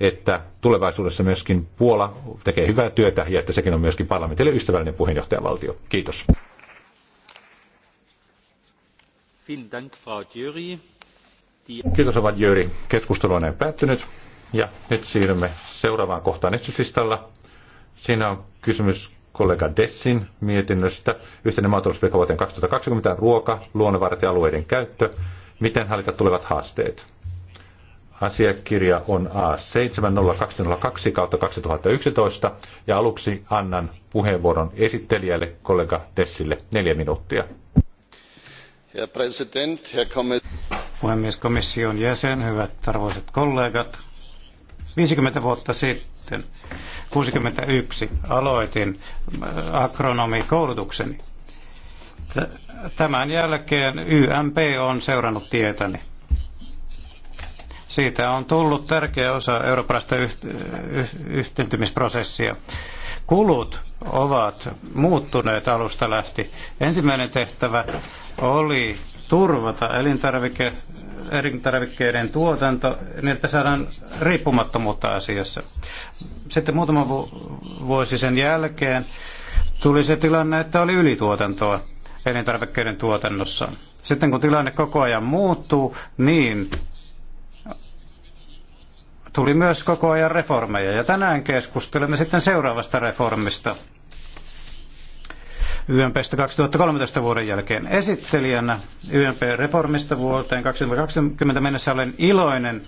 että tulevaisuudessa myöskin Puola tekee hyvää työtä ja että sekin on myöskin parlamentille ystävällinen puheenjohtajavaltio. Kiitos. Kiitos ovat Jöri. Keskustelu on näin päättynyt. Ja nyt siirrymme seuraavaan kohtaan esityslistalla. Siinä on kysymys kollega Dessin mietinnöstä. Yhteinen maatalouspolitiikka vuoteen 2020, ruoka, luonnonvarat ja alueiden käyttö. Miten hallita tulevat haasteet? Asiakirja on A70202 2011 ja aluksi annan puheenvuoron esittelijälle kollega Tessille neljä minuuttia. Herr Präsident, Herr Puhemies, komission jäsen, hyvät arvoisat kollegat. 50 vuotta sitten, 61, aloitin äh, agronomikoulutukseni. Tämän jälkeen YMP on seurannut tietäni. Siitä on tullut tärkeä osa eurooppalaista yhtymisprosessia. Kulut ovat muuttuneet alusta lähti. Ensimmäinen tehtävä oli turvata elintarvike, elintarvikkeiden tuotanto niin, että saadaan riippumattomuutta asiassa. Sitten muutama vuosi sen jälkeen tuli se tilanne, että oli ylituotantoa elintarvikkeiden tuotannossa. Sitten kun tilanne koko ajan muuttuu, niin tuli myös koko ajan reformeja. Ja tänään keskustelemme sitten seuraavasta reformista YMPstä 2013 vuoden jälkeen esittelijänä YMP-reformista vuoteen 2020 mennessä olen iloinen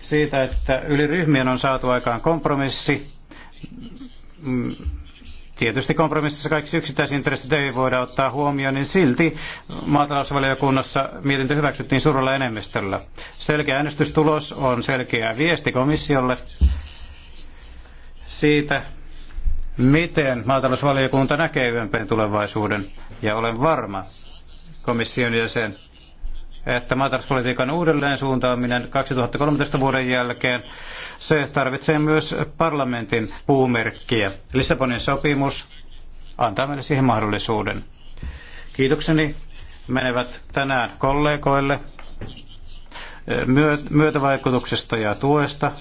siitä, että yli ryhmien on saatu aikaan kompromissi mm, Tietysti kompromississa kaikki intressit ei voida ottaa huomioon, niin silti maatalousvaliokunnassa mietintö hyväksyttiin suurella enemmistöllä. Selkeä äänestystulos on selkeä viesti komissiolle siitä, miten maatalousvaliokunta näkee YMPn tulevaisuuden. Ja olen varma komission jäsen, että maatalouspolitiikan uudelleen suuntaaminen 2013 vuoden jälkeen, se tarvitsee myös parlamentin puumerkkiä. Lissabonin sopimus antaa meille siihen mahdollisuuden. Kiitokseni menevät tänään kollegoille myötävaikutuksesta ja tuesta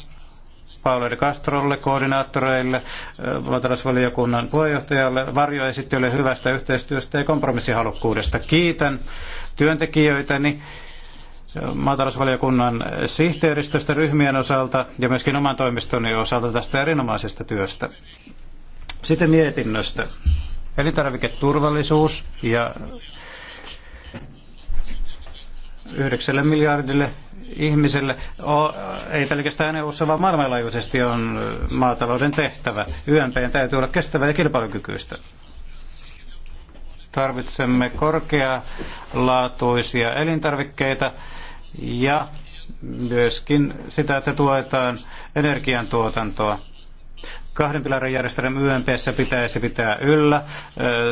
Paolo de Castrolle, koordinaattoreille, äh, maatalousvaliokunnan puheenjohtajalle, varjoesittelijöille hyvästä yhteistyöstä ja kompromissihalukkuudesta. Kiitän työntekijöitäni äh, maatalousvaliokunnan sihteeristöstä ryhmien osalta ja myöskin oman toimistoni osalta tästä erinomaisesta työstä. Sitten mietinnöstä. Elintarviketurvallisuus ja yhdeksälle miljardille ihmiselle ei pelkästään EU-ssa, vaan maailmanlaajuisesti on maatalouden tehtävä. YMPn täytyy olla kestävä ja kilpailukykyistä. Tarvitsemme korkealaatuisia elintarvikkeita ja myöskin sitä, että tuetaan energiantuotantoa kahden pilarin järjestelmä YMPssä pitäisi pitää yllä.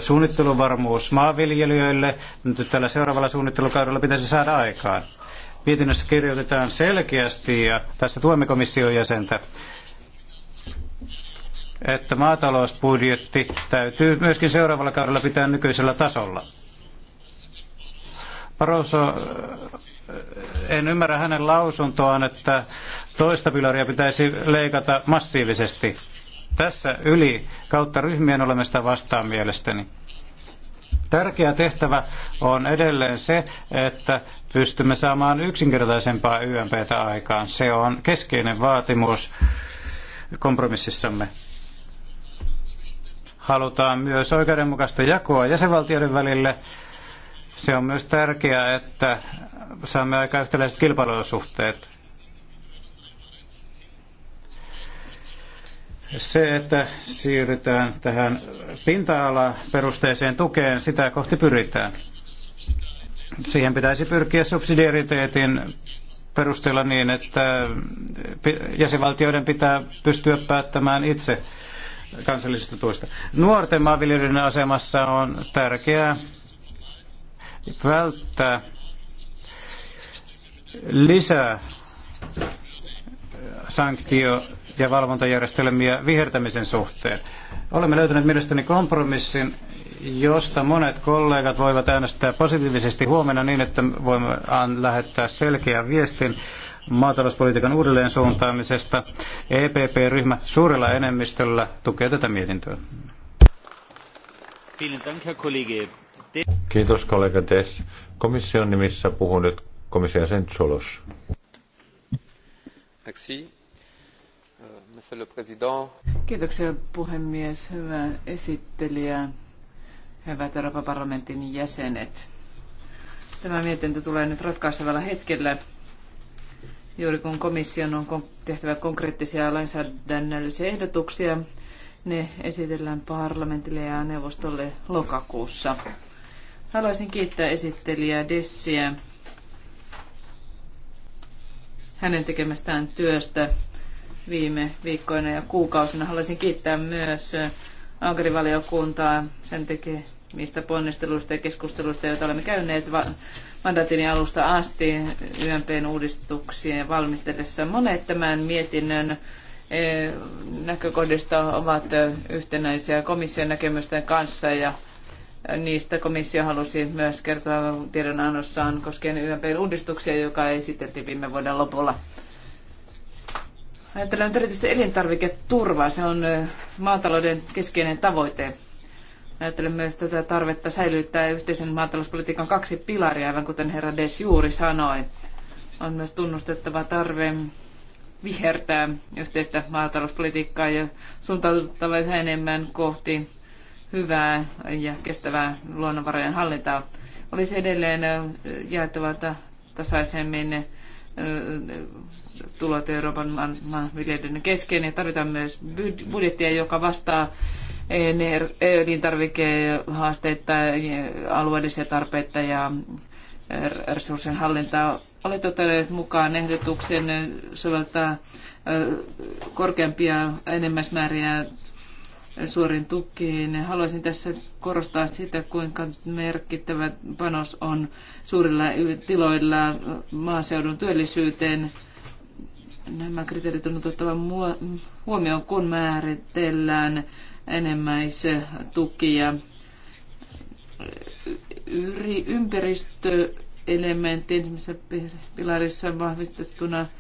Suunnitteluvarmuus maanviljelijöille nyt tällä seuraavalla suunnittelukaudella pitäisi saada aikaan. Mietinnössä kirjoitetaan selkeästi, ja tässä tuemme komission jäsentä, että maatalousbudjetti täytyy myöskin seuraavalla kaudella pitää nykyisellä tasolla. Barroso en ymmärrä hänen lausuntoaan, että toista pilaria pitäisi leikata massiivisesti. Tässä yli kautta ryhmien olemme sitä vastaan mielestäni. Tärkeä tehtävä on edelleen se, että pystymme saamaan yksinkertaisempaa YMPtä aikaan. Se on keskeinen vaatimus kompromississamme. Halutaan myös oikeudenmukaista jakoa jäsenvaltioiden välille. Se on myös tärkeää, että saamme aikaan yhtäläiset kilpailusuhteet. Se, että siirrytään tähän pinta-alaperusteiseen tukeen, sitä kohti pyritään. Siihen pitäisi pyrkiä subsidiariteetin perusteella niin, että jäsenvaltioiden pitää pystyä päättämään itse kansallisista tuista. Nuorten maanviljelijöiden asemassa on tärkeää välttää lisää sanktio- ja valvontajärjestelmiä vihertämisen suhteen. Olemme löytäneet mielestäni kompromissin, josta monet kollegat voivat äänestää positiivisesti huomenna niin, että voimme lähettää selkeän viestin maatalouspolitiikan uudelleen suuntaamisesta. EPP-ryhmä suurella enemmistöllä tukee tätä mietintöä. Kiitos kollega Tess. Komission nimissä puhun nyt Euh, Kiitoksia puhemies, hyvä esittelijä, hyvät Euroopan parlamentin jäsenet. Tämä mietintö tulee nyt ratkaisevalla hetkellä, juuri kun komission on tehtävä konkreettisia lainsäädännöllisiä ehdotuksia. Ne esitellään parlamentille ja neuvostolle lokakuussa. Haluaisin kiittää esittelijää Dessiä hänen tekemästään työstä viime viikkoina ja kuukausina. Haluaisin kiittää myös agrivaliokuntaa sen tekemistä ponnisteluista ja keskusteluista, joita olemme käyneet mandatin alusta asti YMPn uudistuksien valmistellessa. Monet tämän mietinnön e, näkökohdista ovat yhtenäisiä komission näkemysten kanssa ja Niistä komissio halusi myös kertoa tiedonannossaan koskien YMP-uudistuksia, joka esiteltiin viime vuoden lopulla. Ajattelen nyt erityisesti elintarviketurvaa. Se on maatalouden keskeinen tavoite. Ajattelen myös tätä tarvetta säilyttää yhteisen maatalouspolitiikan kaksi pilaria, aivan kuten herra Des juuri sanoi. On myös tunnustettava tarve vihertää yhteistä maatalouspolitiikkaa ja suuntauduttava yhä enemmän kohti hyvää ja kestävää luonnonvarojen hallintaa. Olisi edelleen jaettava tasaisemmin tulot Euroopan maanviljelijöiden kesken ja tarvitaan myös budjettia, joka vastaa elintarvikehaasteita, alueellisia tarpeita ja resurssien hallintaa. Olet ottanut mukaan ehdotuksen soveltaa korkeampia enemmäsmääriä suorin tukiin. Haluaisin tässä korostaa sitä, kuinka merkittävä panos on suurilla tiloilla maaseudun työllisyyteen. Nämä kriteerit on otettava huomioon, kun määritellään enimmäistukia. Ympäristöelementti ensimmäisessä pilarissa vahvistettuna –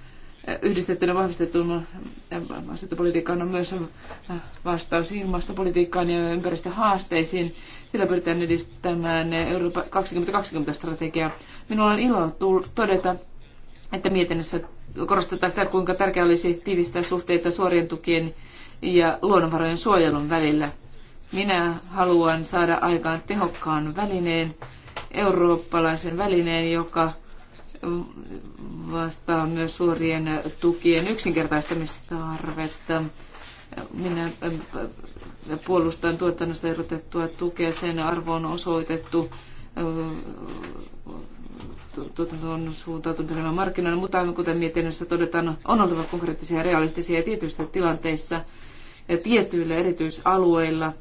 yhdistettynä vahvistetun maastopolitiikkaan äh, on myös vastaus ilmastopolitiikkaan ja ympäristöhaasteisiin. Sillä pyritään edistämään Euroopan 2020-strategiaa. Minulla on ilo todeta, että mietinnössä korostetaan sitä, kuinka tärkeää olisi tiivistää suhteita suorien tukien ja luonnonvarojen suojelun välillä. Minä haluan saada aikaan tehokkaan välineen, eurooppalaisen välineen, joka vastaa myös suorien tukien yksinkertaistamistarvetta. Minä puolustan tuotannosta erotettua tukea. Sen arvo on osoitettu tuotantoon on suuntautunut enemmän markkinoille, mutta aivan kuten mietinnössä todetaan, on oltava konkreettisia ja realistisia tietyissä tilanteissa ja tietyillä erityisalueilla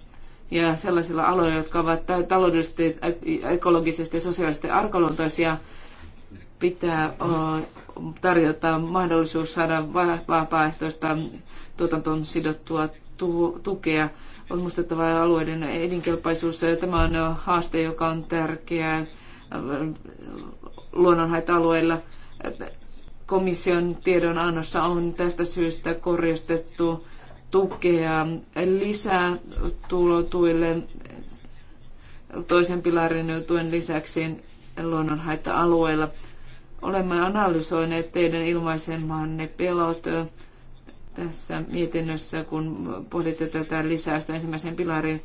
ja sellaisilla aloilla, jotka ovat taloudellisesti, ekologisesti ja sosiaalisesti arkaluontoisia pitää tarjota mahdollisuus saada vapaaehtoista tuotantoon sidottua tukea. On muistettava alueiden elinkelpoisuus. Tämä on haaste, joka on tärkeä luonnonhaita-alueilla. Komission tiedonannossa on tästä syystä korjastettu tukea lisää tulotuille toisen pilarin tuen lisäksi luonnonhaitta-alueilla. Olemme analysoineet teidän ilmaisemanne pelot tässä mietinnössä, kun pohditte tätä lisäystä ensimmäisen pilarin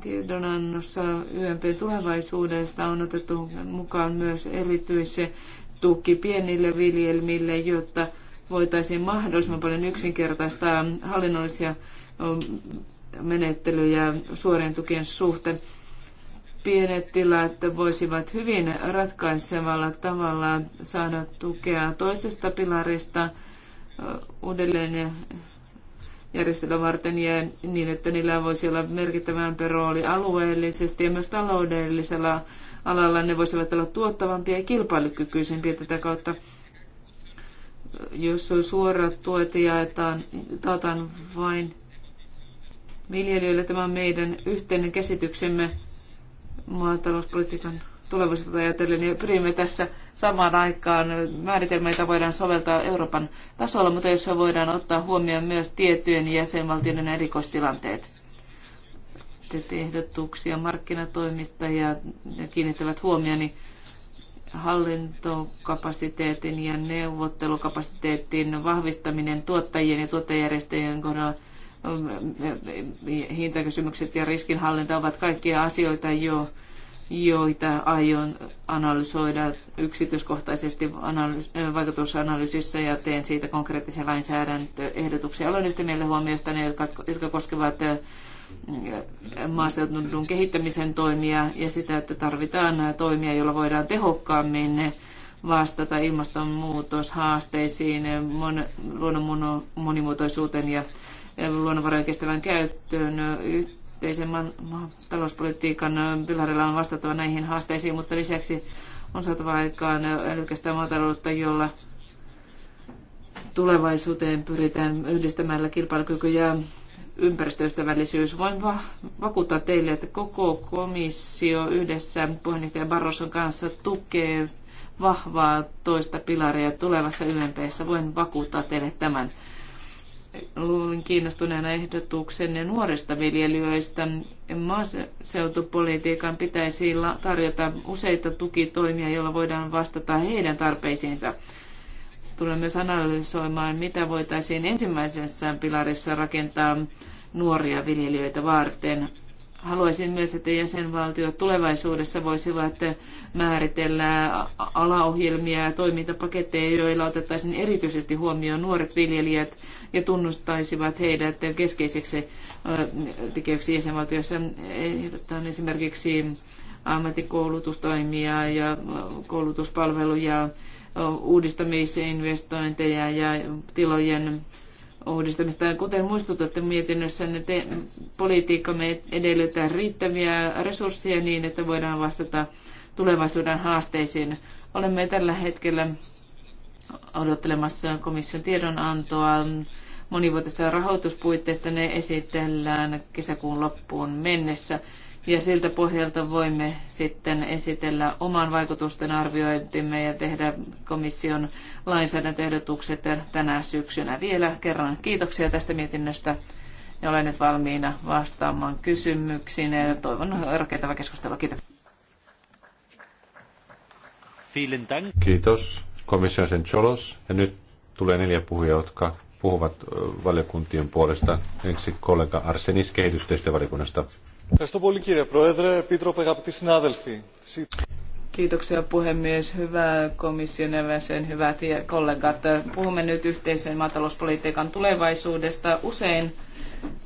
tiedonannossa YMP tulevaisuudesta on otettu mukaan myös erityisen tuki pienille viljelmille, jotta voitaisiin mahdollisimman paljon yksinkertaistaa hallinnollisia menettelyjä suorien tukien suhteen pienet tilat voisivat hyvin ratkaisevalla tavalla saada tukea toisesta pilarista uudelleen järjestelyä varten ja niin, että niillä voisi olla merkittävämpi rooli alueellisesti ja myös taloudellisella alalla. Ne voisivat olla tuottavampia ja kilpailukykyisempiä tätä kautta. Jos on suorat tuet jaetaan, taataan vain viljelijöille, tämä on meidän yhteinen käsityksemme maatalouspolitiikan tulevaisuutta ajatellen, niin pyrimme tässä samaan aikaan. Määritelmäitä voidaan soveltaa Euroopan tasolla, mutta jossa voidaan ottaa huomioon myös tiettyjen jäsenvaltioiden erikoistilanteet. Teet ehdotuksia markkinatoimista ja kiinnittävät huomioni hallintokapasiteetin ja neuvottelukapasiteetin vahvistaminen tuottajien ja tuottajärjestöjen kohdalla – hintakysymykset ja riskinhallinta ovat kaikkia asioita, jo, joita aion analysoida yksityiskohtaisesti analyys- vaikutusanalyysissä ja teen siitä konkreettisia lainsäädäntöehdotuksia. Olen yhtä mieltä huomioista ne, jotka, jotka koskevat maaseudun kehittämisen toimia ja sitä, että tarvitaan toimia, joilla voidaan tehokkaammin vastata ilmastonmuutoshaasteisiin, mon, luonnon monimuotoisuuteen ja luonnonvarojen kestävän käyttöön. Yhteisen talouspolitiikan pilarilla on vastattava näihin haasteisiin, mutta lisäksi on saatava aikaan älykästä maataloutta, jolla tulevaisuuteen pyritään yhdistämällä kilpailukyky ja ympäristöystävällisyys. Voin va- vakuuttaa teille, että koko komissio yhdessä puheenjohtaja Barroson kanssa tukee vahvaa toista pilaria tulevassa YMPssä. Voin vakuuttaa teille tämän luulin kiinnostuneena ja nuorista viljelijöistä. Maaseutupolitiikan pitäisi tarjota useita tukitoimia, joilla voidaan vastata heidän tarpeisiinsa. Tulen myös analysoimaan, mitä voitaisiin ensimmäisessä pilarissa rakentaa nuoria viljelijöitä varten haluaisin myös, että jäsenvaltiot tulevaisuudessa voisivat määritellä alaohjelmia ja toimintapaketteja, joilla otettaisiin erityisesti huomioon nuoret viljelijät ja tunnustaisivat heidät keskeiseksi tekijöiksi jäsenvaltioissa. Ehdotetaan esimerkiksi ammattikoulutustoimia ja koulutuspalveluja, uudistamisinvestointeja ja tilojen uudistamista. Kuten muistutatte mietinnössä, niin te, politiikkamme edellyttää riittäviä resursseja niin, että voidaan vastata tulevaisuuden haasteisiin. Olemme tällä hetkellä odottelemassa komission tiedonantoa monivuotista rahoituspuitteista. Ne esitellään kesäkuun loppuun mennessä. Ja siltä pohjalta voimme sitten esitellä oman vaikutusten arviointimme ja tehdä komission lainsäädäntöehdotukset tänä syksynä vielä kerran. Kiitoksia tästä mietinnöstä ja olen nyt valmiina vastaamaan kysymyksiin ja toivon rakentavaa keskustelua. Kiitos. Kiitos komission sen Cholos. Ja nyt tulee neljä puhujaa, jotka puhuvat valiokuntien puolesta. Ensin kollega Arsenis kehitystyöstä valiokunnasta. Kiitoksia puhemies, hyvä komission jäsen, hyvät kollegat. Puhumme nyt yhteisen maatalouspolitiikan tulevaisuudesta. Usein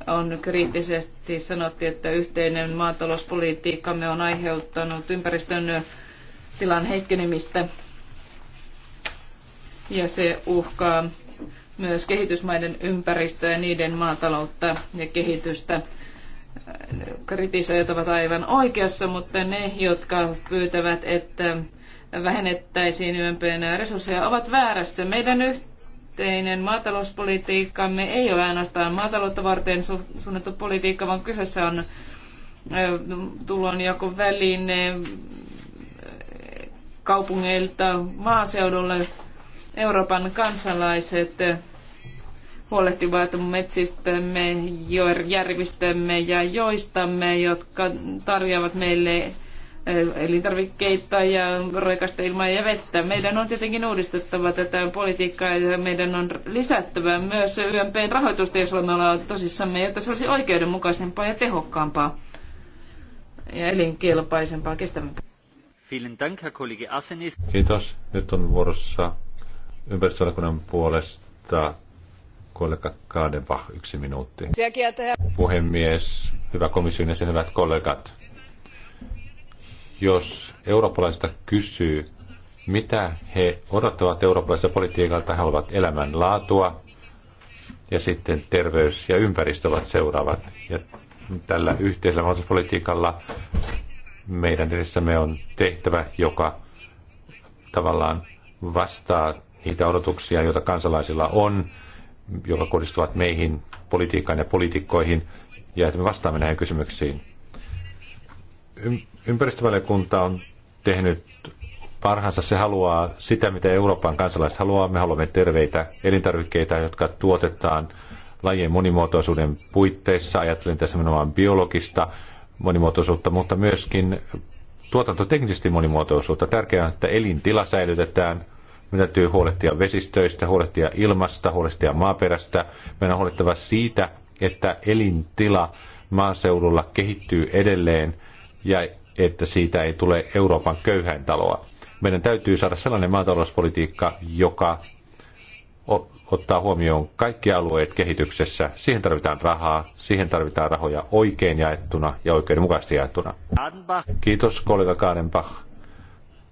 on kriittisesti sanottu, että yhteinen maatalouspolitiikkamme on aiheuttanut ympäristön tilan heikkenemistä ja se uhkaa myös kehitysmaiden ympäristöä ja niiden maataloutta ja kehitystä kritisoijat ovat aivan oikeassa, mutta ne, jotka pyytävät, että vähennettäisiin YMPn resursseja, ovat väärässä. Meidän yhteinen maatalouspolitiikkamme ei ole ainoastaan maataloutta varten su- suunnattu politiikka, vaan kyseessä on tulonjako väline kaupungeilta maaseudulle Euroopan kansalaiset huolehtivat metsistämme, järvistämme ja joistamme, jotka tarjoavat meille eh, elintarvikkeita ja raikasta ilmaa ja vettä. Meidän on tietenkin uudistettava tätä politiikkaa ja meidän on lisättävä myös YMPn rahoitusta, jos olemme olla tosissamme, jotta se olisi oikeudenmukaisempaa ja tehokkaampaa ja elinkelpaisempaa, kestävämpää. Kiitos. Nyt on vuorossa ympäristövaliokunnan puolesta kollega Kadeva, yksi minuutti. Puhemies, hyvä komission jäsen, hyvät kollegat. Jos eurooppalaista kysyy, mitä he odottavat eurooppalaiselta politiikalta, he haluavat elämänlaatua ja sitten terveys ja ympäristö ovat seuraavat. Ja tällä yhteisellä maatalouspolitiikalla meidän edessämme on tehtävä, joka tavallaan vastaa niitä odotuksia, joita kansalaisilla on jotka kohdistuvat meihin, politiikkaan ja poliitikkoihin, ja että me vastaamme näihin kysymyksiin. Ympäristövaliokunta on tehnyt parhaansa. Se haluaa sitä, mitä Euroopan kansalaiset haluaa. Me haluamme terveitä elintarvikkeita, jotka tuotetaan lajien monimuotoisuuden puitteissa. Ajattelen tässä nimenomaan biologista monimuotoisuutta, mutta myöskin tuotantoteknisesti monimuotoisuutta. Tärkeää on, että elintila säilytetään – meidän täytyy huolehtia vesistöistä, huolehtia ilmasta, huolehtia maaperästä. Meidän on huolehtava siitä, että elintila maaseudulla kehittyy edelleen ja että siitä ei tule Euroopan köyhän taloa. Meidän täytyy saada sellainen maatalouspolitiikka, joka ottaa huomioon kaikki alueet kehityksessä. Siihen tarvitaan rahaa, siihen tarvitaan rahoja oikein jaettuna ja oikeudenmukaisesti jaettuna. Kiitos kollega Kaadenbach.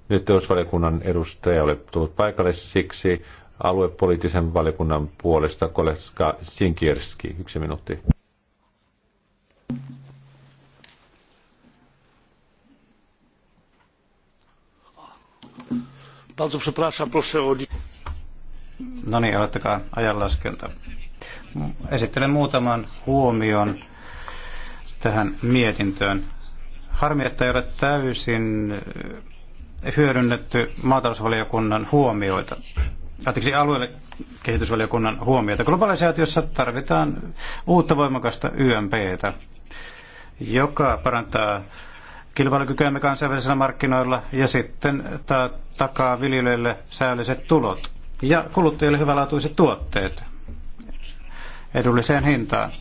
Nyt teosvaliokunnan edustaja oli tullut paikalle siksi aluepoliittisen valiokunnan puolesta kollega Sinkierski. Yksi minuutti. Bardzo przepraszam, proszę o... No niin, aloittakaa ajanlaskenta. Esittelen muutaman huomion tähän mietintöön. Harmi, että ei ole täysin hyödynnetty maatalousvaliokunnan huomioita, anteeksi alueelle kehitysvaliokunnan huomioita. Globalisaatiossa tarvitaan uutta voimakasta YMPtä, joka parantaa kilpailukykyämme kansainvälisillä markkinoilla ja sitten ta- takaa viljelijöille säälliset tulot ja kuluttajille hyvälaatuiset tuotteet edulliseen hintaan.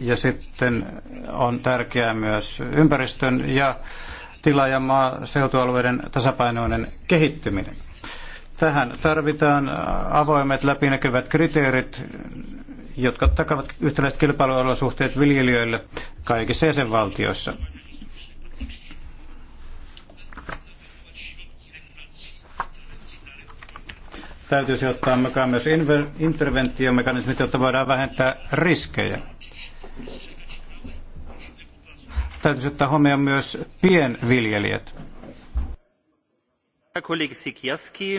Ja sitten on tärkeää myös ympäristön ja tila- ja maaseutualueiden tasapainoinen kehittyminen. Tähän tarvitaan äh, avoimet läpinäkyvät kriteerit, jotka takavat yhtäläiset kilpailuolosuhteet viljelijöille kaikissa jäsenvaltioissa. Täytyisi ottaa mukaan myös interventiomekanismit, jotta voidaan vähentää riskejä täytyisi ottaa huomioon myös pienviljelijät.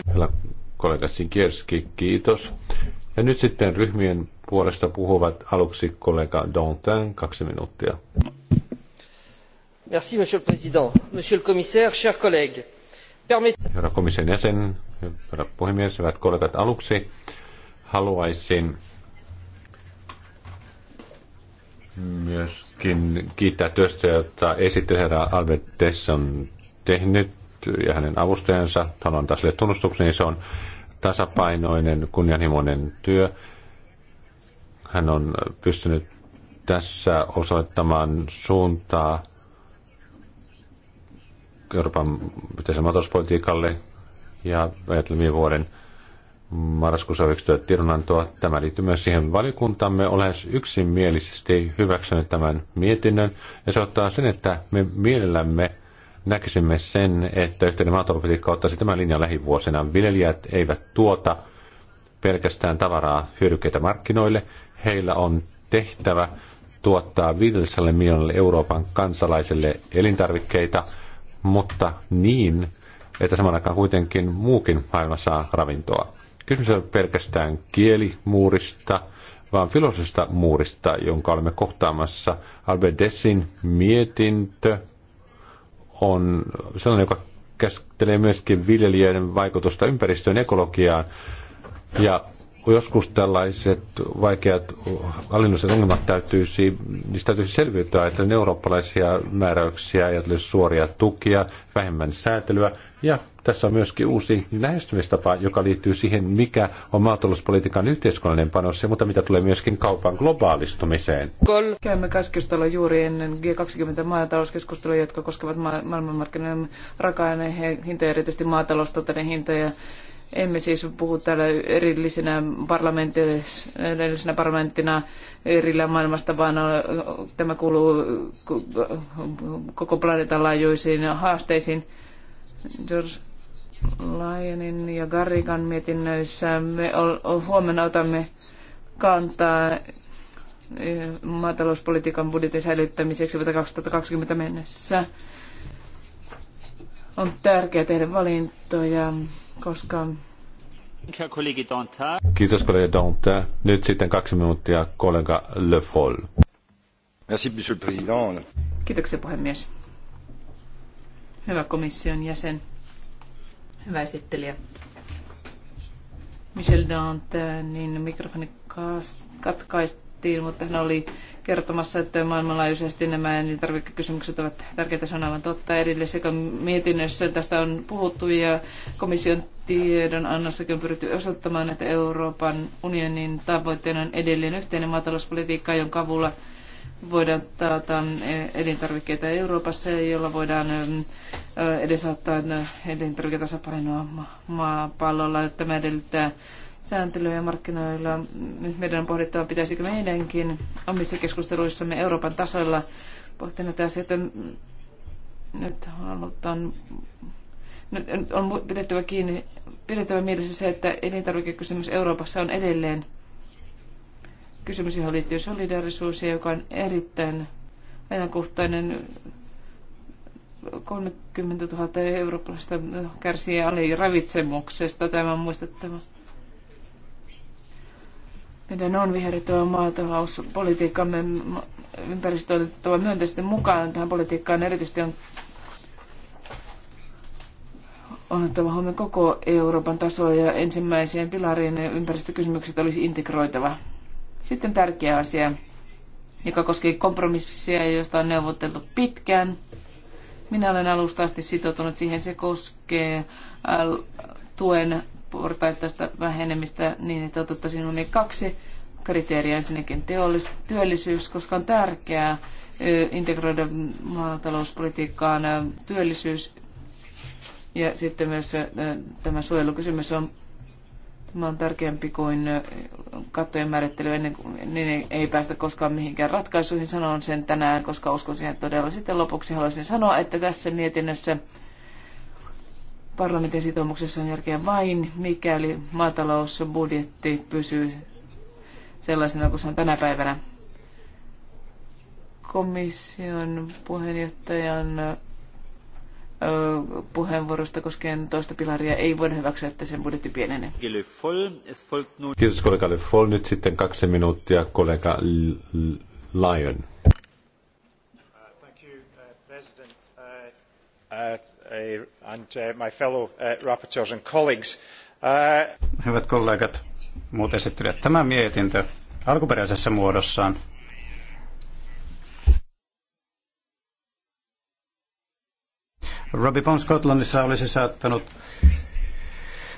Hyvä kollega Sikierski, kiitos. Ja nyt sitten ryhmien puolesta puhuvat aluksi kollega Dantin, kaksi minuuttia. Merci, monsieur le président, monsieur le commissaire, chers collègues. Permet... Herra komission jäsen, herra puhemies, hyvät kollegat, aluksi haluaisin myös myöskin kiittää työstä, jota esittelijä herra Albert Dess on tehnyt ja hänen avustajansa. Haluan taas sille tunnustuksen, niin se on tasapainoinen, kunnianhimoinen työ. Hän on pystynyt tässä osoittamaan suuntaa Euroopan yhteisen maatalouspolitiikalle ja ajatellen vuoden marraskuussa hyväksyttyä tiedonantoa. Tämä liittyy myös siihen valikuntamme. Olen lähes yksimielisesti hyväksynyt tämän mietinnön ja se ottaa sen, että me mielellämme näkisimme sen, että yhteinen maatalouspolitiikka ottaisi tämän linjan lähivuosina. Viljelijät eivät tuota pelkästään tavaraa hyödykkeitä markkinoille. Heillä on tehtävä tuottaa 500 miljoonalle Euroopan kansalaiselle elintarvikkeita, mutta niin, että saman aikaan kuitenkin muukin maailma saa ravintoa. Kysymys on pelkästään kielimuurista, vaan filosofista muurista, jonka olemme kohtaamassa. Albert Dessin mietintö on sellainen, joka käsittelee myöskin viljelijöiden vaikutusta ympäristöön ekologiaan. Ja joskus tällaiset vaikeat hallinnolliset ongelmat täytyisi, niistä täytyisi selviytyä, että ne eurooppalaisia määräyksiä ja suoria tukia, vähemmän säätelyä, ja tässä on myöskin uusi lähestymistapa, joka liittyy siihen, mikä on maatalouspolitiikan yhteiskunnallinen panos, mutta mitä tulee myöskin kaupan globaalistumiseen. Käymme keskustella juuri ennen G20 maatalouskeskustelua, jotka koskevat ma- maailmanmarkkinoiden raaka-aineen hintoja, erityisesti maataloustuotteiden hintoja. Emme siis puhu täällä erillisenä erillisenä parlamenttina erillä maailmasta, vaan tämä kuuluu koko planeetan laajuisiin haasteisiin George Lyonin ja Garrigan mietinnöissä. Me huomenna otamme kantaa eh, maatalouspolitiikan budjetin säilyttämiseksi vuoteen 2020 mennessä. On tärkeää tehdä valintoja, koska... Kiitos kollega Dantin. Nyt sitten kaksi minuuttia kollega Le Foll. Merci, monsieur le président. Kiitoksia puhemies. Hyvä komission jäsen, hyvä esittelijä. Michel Dantin niin mikrofoni katkaistiin, mutta hän oli kertomassa, että maailmanlaajuisesti nämä elintarvikekysymykset ovat tärkeitä, se on aivan totta. edellisessä mietinnössä tästä on puhuttu ja komission tiedonannossakin on pyritty osoittamaan, että Euroopan unionin tavoitteena on edelleen yhteinen maatalouspolitiikka, jonka avulla voidaan taata mm, elintarvikkeita Euroopassa, jolla voidaan mm, edesauttaa mm, elintarviketasapainoa maapallolla. Tämä edellyttää sääntelyä ja markkinoilla. Nyt meidän on pohdittava, pitäisikö meidänkin omissa keskusteluissamme Euroopan tasolla pohtia näitä asioita. Nyt halutaan nyt on pidettävä, kiinni, pidettävä mielessä se, että elintarvikekysymys Euroopassa on edelleen kysymys, johon liittyy solidaarisuus ja joka on erittäin ajankohtainen. 30 000 eurooppalaista kärsii aliravitsemuksesta, tämä on muistettava. Meidän on viherittävä maatalouspolitiikkamme ympäristö otettava myönteisesti mukaan tähän politiikkaan. Erityisesti on on otettava huomioon koko Euroopan tasoa ja ensimmäiseen pilariin ympäristökysymykset olisi integroitava. Sitten tärkeä asia, joka koskee kompromissia, josta on neuvoteltu pitkään. Minä olen alusta asti sitoutunut siihen. Se koskee äh, tuen portaittaista vähenemistä niin, että otettaisiin on kaksi kriteeriä. Ensinnäkin teollis- työllisyys, koska on tärkeää äh, integroida maatalouspolitiikkaan äh, työllisyys ja sitten myös tämä suojelukysymys on Tämä on tärkeämpi kuin kattojen määrittely, ennen kuin niin ei päästä koskaan mihinkään ratkaisuihin. Sanon sen tänään, koska uskon siihen todella. Sitten lopuksi haluaisin sanoa, että tässä mietinnössä parlamentin sitoumuksessa on järkeä vain, mikäli maatalousbudjetti pysyy sellaisena kuin se on tänä päivänä. Komission puheenjohtajan puheenvuorosta koskien toista pilaria. Ei voida hyväksyä, että sen budjetti pienenee. Kiitos kollega Le Foll. Nyt sitten kaksi minuuttia kollega Lion. Hyvät kollegat, muut esittelijät, tämä mietintö alkuperäisessä muodossaan Robbie Bond Scotlandissa olisi saattanut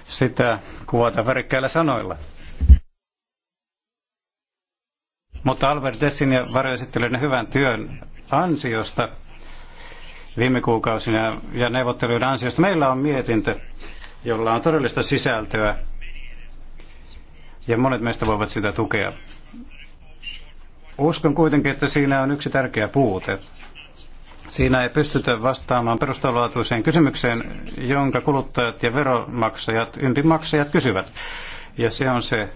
sitä kuvata värikkäillä sanoilla. Mutta Albert Dessin ja varjoesittelyiden hyvän työn ansiosta viime kuukausina ja neuvotteluiden ansiosta meillä on mietintö, jolla on todellista sisältöä ja monet meistä voivat sitä tukea. Uskon kuitenkin, että siinä on yksi tärkeä puute. Siinä ei pystytä vastaamaan perustavanlaatuiseen kysymykseen, jonka kuluttajat ja veromaksajat, ympimaksajat kysyvät. Ja se on se,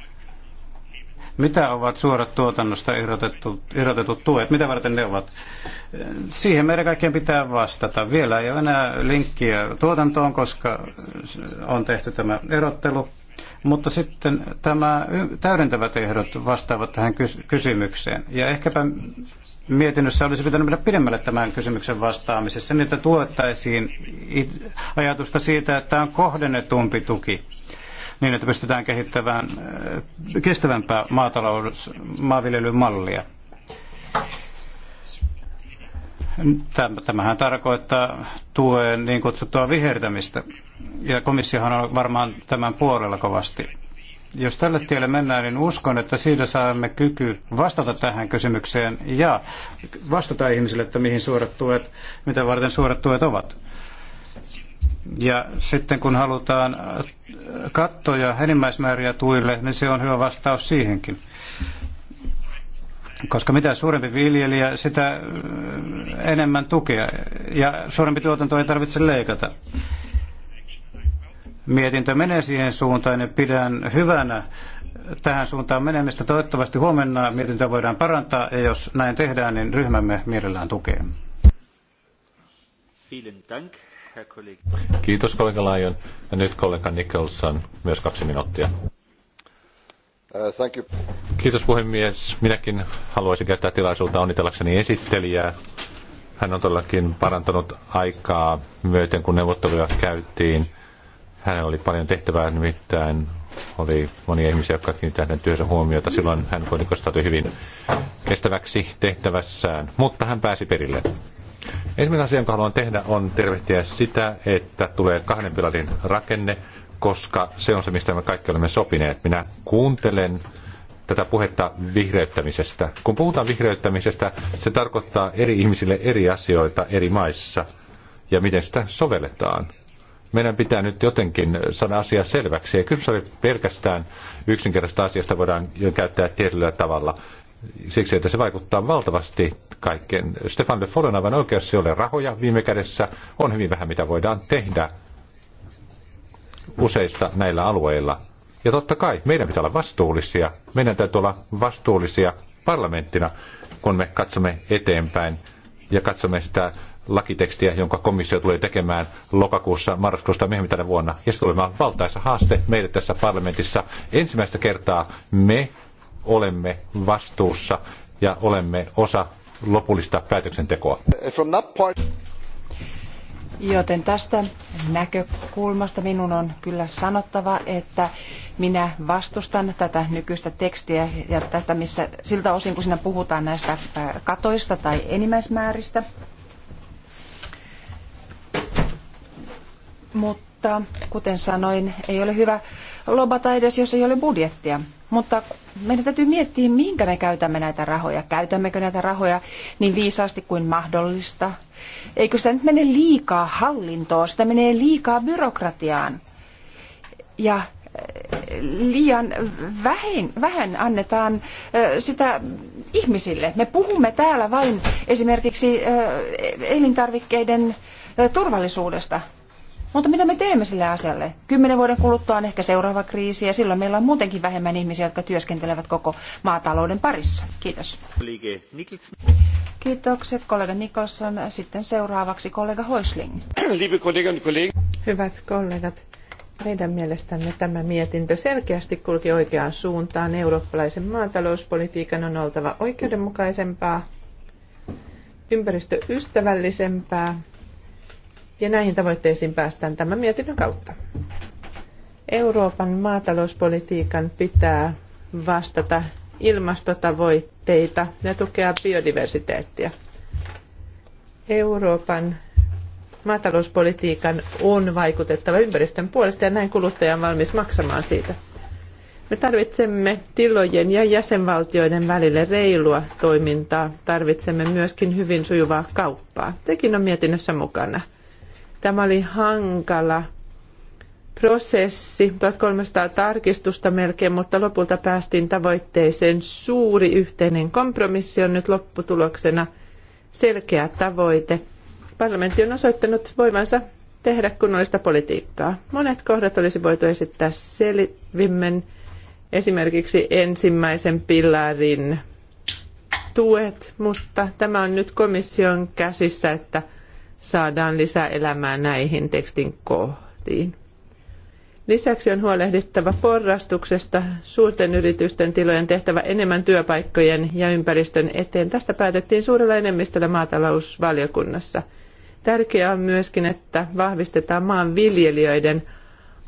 mitä ovat suorat tuotannosta irrotetut, irrotetut tuet, mitä varten ne ovat. Siihen meidän kaikkien pitää vastata. Vielä ei ole enää linkkiä tuotantoon, koska on tehty tämä erottelu mutta sitten tämä täydentävät ehdot vastaavat tähän kysymykseen. Ja ehkäpä mietinnössä olisi pitänyt mennä pidemmälle tämän kysymyksen vastaamisessa, niin että tuettaisiin ajatusta siitä, että on kohdennetumpi tuki niin, että pystytään kehittämään kestävämpää maatalous, maanviljelymallia. mallia. Tämähän tarkoittaa tuen niin kutsuttua vihertämistä. Ja komissiohan on varmaan tämän puolella kovasti. Jos tälle tielle mennään, niin uskon, että siitä saamme kyky vastata tähän kysymykseen ja vastata ihmisille, että mihin suorat tuet, mitä varten suorat tuet ovat. Ja sitten kun halutaan kattoja enimmäismääriä tuille, niin se on hyvä vastaus siihenkin. Koska mitä suurempi viljelijä, sitä äh, enemmän tukea ja suurempi tuotanto ei tarvitse leikata. Mietintö menee siihen suuntaan ja pidän hyvänä tähän suuntaan menemistä. Toivottavasti huomenna mietintöä voidaan parantaa ja jos näin tehdään, niin ryhmämme mielellään tukee. Kiitos kollega Laajon. Ja nyt kollega Nicholson, myös kaksi minuuttia. Uh, Kiitos puhemies. Minäkin haluaisin käyttää tilaisuutta onnitellakseni esittelijää. Hän on todellakin parantanut aikaa myöten, kun neuvotteluja käytiin. Hänellä oli paljon tehtävää, nimittäin oli monia ihmisiä, jotka kiinnittivät hänen työnsä huomiota. Silloin hän kuitenkin hyvin kestäväksi tehtävässään, mutta hän pääsi perille. Ensimmäinen asia, jonka haluan tehdä, on tervehtiä sitä, että tulee kahden pilarin rakenne koska se on se, mistä me kaikki olemme sopineet. Minä kuuntelen tätä puhetta vihreyttämisestä. Kun puhutaan vihreyttämisestä, se tarkoittaa eri ihmisille eri asioita eri maissa ja miten sitä sovelletaan. Meidän pitää nyt jotenkin saada asia selväksi. Ja kysymys ole pelkästään yksinkertaista asiasta voidaan käyttää tietyllä tavalla siksi, että se vaikuttaa valtavasti kaikkeen. Stefan de Follon aivan oikeassa, ole rahoja viime kädessä on hyvin vähän, mitä voidaan tehdä useista näillä alueilla. Ja totta kai meidän pitää olla vastuullisia. Meidän täytyy olla vastuullisia parlamenttina, kun me katsomme eteenpäin ja katsomme sitä lakitekstiä, jonka komissio tulee tekemään lokakuussa, marraskuusta myöhemmin tänä vuonna. Ja se tulee valtaisa haaste meille tässä parlamentissa. Ensimmäistä kertaa me olemme vastuussa ja olemme osa lopullista päätöksentekoa. Joten tästä näkökulmasta minun on kyllä sanottava, että minä vastustan tätä nykyistä tekstiä ja tätä, missä, siltä osin kun siinä puhutaan näistä katoista tai enimmäismääristä. Mutta kuten sanoin, ei ole hyvä lobata edes, jos ei ole budjettia. Mutta meidän täytyy miettiä, minkä me käytämme näitä rahoja. Käytämmekö näitä rahoja niin viisaasti kuin mahdollista Eikö sitä nyt mene liikaa hallintoon, sitä menee liikaa byrokratiaan. Ja eh, liian vähin, vähän annetaan eh, sitä ihmisille. Me puhumme täällä vain esimerkiksi eh, elintarvikkeiden turvallisuudesta. Mutta mitä me teemme sille asialle? Kymmenen vuoden kuluttua on ehkä seuraava kriisi ja silloin meillä on muutenkin vähemmän ihmisiä, jotka työskentelevät koko maatalouden parissa. Kiitos. Kiitokset kollega Nicholson. Sitten seuraavaksi kollega Hoisling. Hyvät kollegat, meidän mielestämme tämä mietintö selkeästi kulki oikeaan suuntaan. Eurooppalaisen maatalouspolitiikan on oltava oikeudenmukaisempaa, ympäristöystävällisempää ja näihin tavoitteisiin päästään tämän mietinnön kautta. Euroopan maatalouspolitiikan pitää vastata ilmastotavoitteita ja tukea biodiversiteettiä. Euroopan maatalouspolitiikan on vaikutettava ympäristön puolesta ja näin kuluttaja on valmis maksamaan siitä. Me tarvitsemme tilojen ja jäsenvaltioiden välille reilua toimintaa. Tarvitsemme myöskin hyvin sujuvaa kauppaa. Tekin on mietinnössä mukana. Tämä oli hankala prosessi, 1300 tarkistusta melkein, mutta lopulta päästiin tavoitteeseen. Suuri yhteinen kompromissi on nyt lopputuloksena selkeä tavoite. Parlamentti on osoittanut voimansa tehdä kunnollista politiikkaa. Monet kohdat olisi voitu esittää selvimmin, esimerkiksi ensimmäisen pilarin tuet, mutta tämä on nyt komission käsissä, että – saadaan lisää elämää näihin tekstin kohtiin. Lisäksi on huolehdittava porrastuksesta, suurten yritysten tilojen tehtävä enemmän työpaikkojen ja ympäristön eteen. Tästä päätettiin suurella enemmistöllä maatalousvaliokunnassa. Tärkeää on myöskin, että vahvistetaan maanviljelijöiden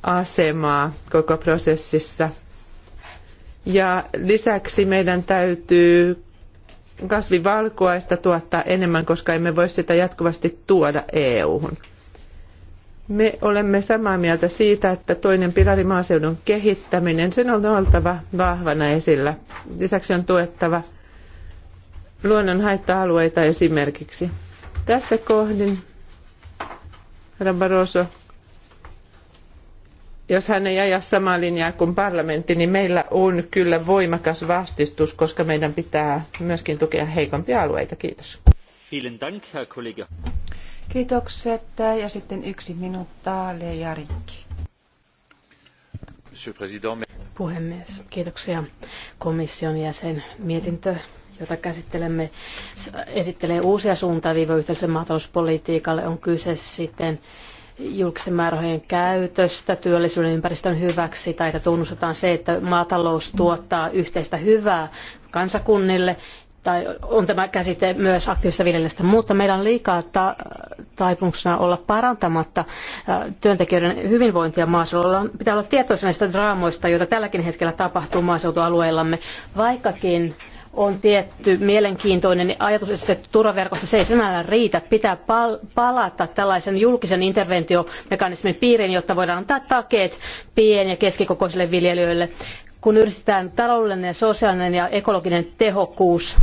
asemaa koko prosessissa. Ja lisäksi meidän täytyy kasvivalkuaista tuottaa enemmän, koska emme voi sitä jatkuvasti tuoda EU-hun. Me olemme samaa mieltä siitä, että toinen pilari maaseudun kehittäminen, sen on oltava vahvana esillä. Lisäksi on tuettava luonnon haitta-alueita esimerkiksi. Tässä kohdin, herra Barroso, jos hän ei aja samaa linjaa kuin parlamentti, niin meillä on kyllä voimakas vastustus, koska meidän pitää myöskin tukea heikompia alueita. Kiitos. Vielen Dank, Herr Kiitokset. Ja sitten yksi minuuttaa, Le Jarikki. Puhemies, kiitoksia komission jäsen. Mietintö, jota käsittelemme, esittelee uusia suuntaviivoja yhteiselle maatalouspolitiikalle. On kyse sitten julkisten määrärahojen käytöstä työllisyyden ympäristön hyväksi tai että tunnustetaan se, että maatalous tuottaa yhteistä hyvää kansakunnille tai on tämä käsite myös aktiivista viljelijästä, mutta meillä on liikaa ta- taipumuksena olla parantamatta työntekijöiden hyvinvointia maaseudulla. Pitää olla tietoisia näistä draamoista, joita tälläkin hetkellä tapahtuu maaseutualueillamme, vaikkakin on tietty mielenkiintoinen ajatus esitetty turvaverkosta. Se ei sinällään riitä. Pitää pal- palata tällaisen julkisen interventiomekanismin piiriin, jotta voidaan antaa takeet pien- ja keskikokoisille viljelijöille. Kun yhdistetään taloudellinen, sosiaalinen ja ekologinen tehokkuus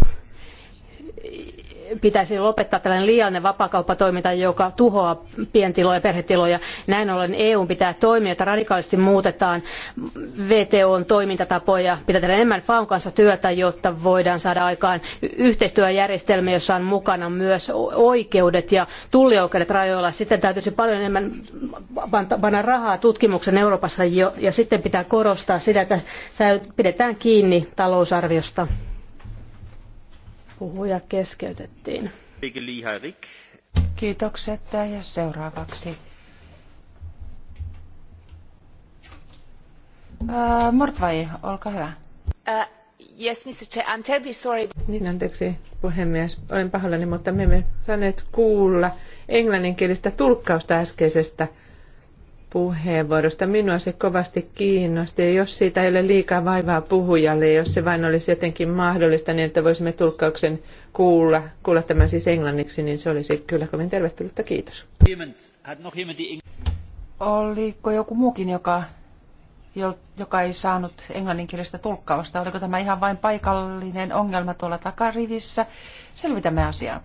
pitäisi lopettaa tällainen liiallinen vapaakauppatoiminta, joka tuhoaa pientiloja ja perhetiloja. Näin ollen EU pitää toimia, että radikaalisti muutetaan VTOn toimintatapoja. Pitää tehdä enemmän FAUn kanssa työtä, jotta voidaan saada aikaan yhteistyöjärjestelmä, jossa on mukana myös oikeudet ja tullioikeudet rajoilla. Sitten täytyisi paljon enemmän panna rahaa tutkimuksen Euroopassa jo, ja sitten pitää korostaa sitä, että pidetään kiinni talousarviosta. Puhuja keskeytettiin. Kiitokset ja seuraavaksi. Äh, Mortvai, olkaa hyvä. Äh, yes, Mr. Chair, I'm terribly sorry. Niin, anteeksi puhemies. Olen pahoillani, mutta me emme saaneet kuulla englanninkielistä tulkkausta äskeisestä puheenvuorosta. Minua se kovasti kiinnosti. Ja jos siitä ei ole liikaa vaivaa puhujalle, jos se vain olisi jotenkin mahdollista, niin että voisimme tulkkauksen kuulla, kuulla tämän siis englanniksi, niin se olisi kyllä kovin tervetullutta. Kiitos. Oliko joku muukin, joka, joka ei saanut englanninkielistä tulkkausta? Oliko tämä ihan vain paikallinen ongelma tuolla takarivissä? Selvitämme asiaa.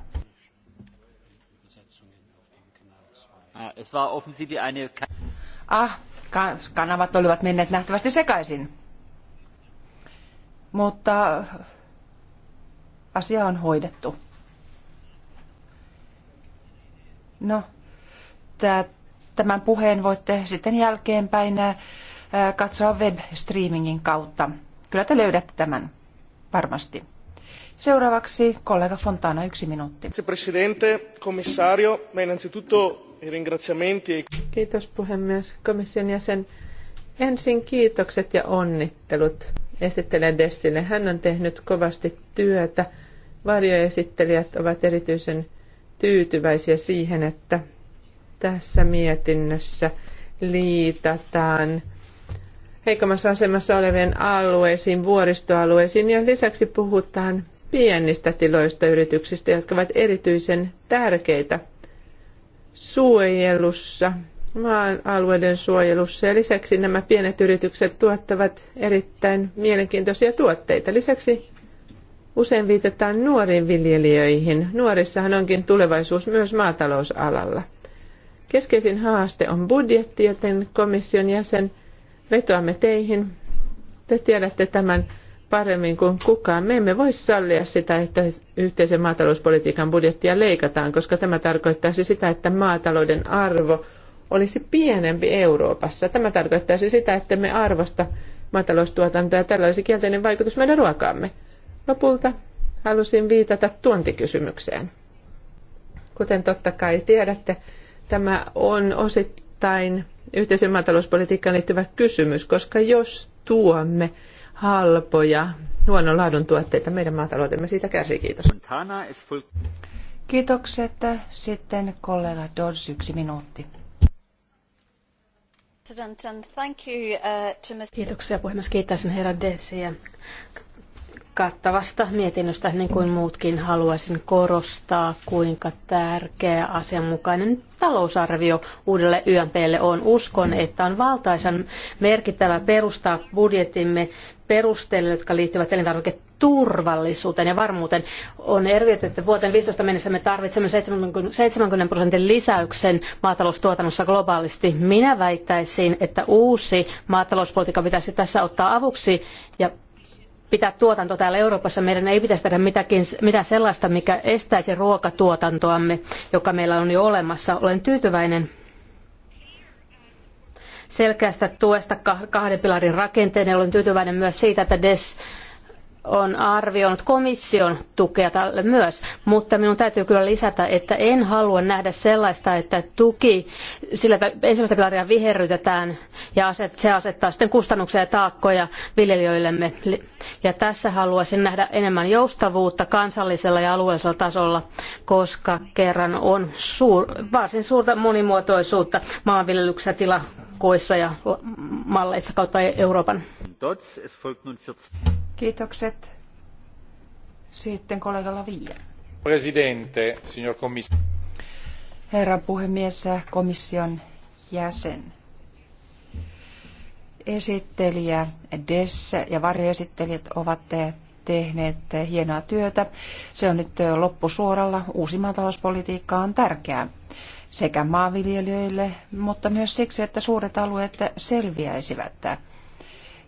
Es war offensichtlich eine Ah, kanavat olivat menneet nähtävästi sekaisin. Mutta asia on hoidettu. No, tämän puheen voitte sitten jälkeenpäin katsoa webstreamingin kautta. Kyllä te löydätte tämän varmasti. Seuraavaksi kollega Fontana, yksi minuutti. Presidente, komissario, me innanzitutto Kiitos puhemies, komission jäsen. Ensin kiitokset ja onnittelut esittelen Dessille. Hän on tehnyt kovasti työtä. Varjoesittelijät ovat erityisen tyytyväisiä siihen, että tässä mietinnössä liitataan heikommassa asemassa olevien alueisiin, vuoristoalueisiin ja lisäksi puhutaan pienistä tiloista yrityksistä, jotka ovat erityisen tärkeitä suojelussa, maan alueiden suojelussa. Ja lisäksi nämä pienet yritykset tuottavat erittäin mielenkiintoisia tuotteita. Lisäksi usein viitataan nuoriin viljelijöihin. Nuorissahan onkin tulevaisuus myös maatalousalalla. Keskeisin haaste on budjetti, joten komission jäsen vetoamme teihin. Te tiedätte tämän paremmin kuin kukaan. Me emme voi sallia sitä, että yhteisen maatalouspolitiikan budjettia leikataan, koska tämä tarkoittaisi sitä, että maatalouden arvo olisi pienempi Euroopassa. Tämä tarkoittaisi sitä, että me arvosta maataloustuotantoa ja tällä olisi kielteinen vaikutus meidän ruokaamme. Lopulta halusin viitata tuontikysymykseen. Kuten totta kai tiedätte, tämä on osittain yhteisen maatalouspolitiikkaan liittyvä kysymys, koska jos tuomme halpoja huonon laadun tuotteita. Meidän maataloutemme siitä kärsii. Kiitos. Kiitokset. Sitten kollega Dodds yksi minuutti. Uh, Kiitoksia puhemies. Kiitän herra Dessiä kattavasta mietinnöstä, niin kuin muutkin haluaisin korostaa, kuinka tärkeä asianmukainen talousarvio uudelle YMPlle on. Uskon, että on valtaisan merkittävä perustaa budjetimme perusteille, jotka liittyvät elintarviketurvallisuuteen ja varmuuteen. On ervioitu, että vuoteen 15 mennessä me tarvitsemme 70 prosentin lisäyksen maataloustuotannossa globaalisti. Minä väittäisin, että uusi maatalouspolitiikka pitäisi tässä ottaa avuksi ja pitää tuotanto täällä Euroopassa. Meidän ei pitäisi tehdä mitäkin, mitään sellaista, mikä estäisi ruokatuotantoamme, joka meillä on jo olemassa. Olen tyytyväinen selkeästä tuesta kahden pilarin rakenteen. Ja olen tyytyväinen myös siitä, että DES on arvioinut komission tukea tälle myös, mutta minun täytyy kyllä lisätä, että en halua nähdä sellaista, että tuki, sillä ensimmäistä pilaria viherrytetään ja aset, se asettaa sitten kustannuksia ja taakkoja viljelijöillemme. Ja tässä haluaisin nähdä enemmän joustavuutta kansallisella ja alueellisella tasolla, koska kerran on suur, varsin suurta monimuotoisuutta maanviljelyksessä tila koissa ja malleissa kautta Euroopan. Kiitokset. Sitten kollega Lavia. Presidente, signor commissario. Herra puhemies, komission jäsen. Esittelijä Dess ja varjoesittelijät ovat tehneet hienoa työtä. Se on nyt loppusuoralla. Uusi maatalouspolitiikka on tärkeää sekä maanviljelijöille, mutta myös siksi, että suuret alueet selviäisivät.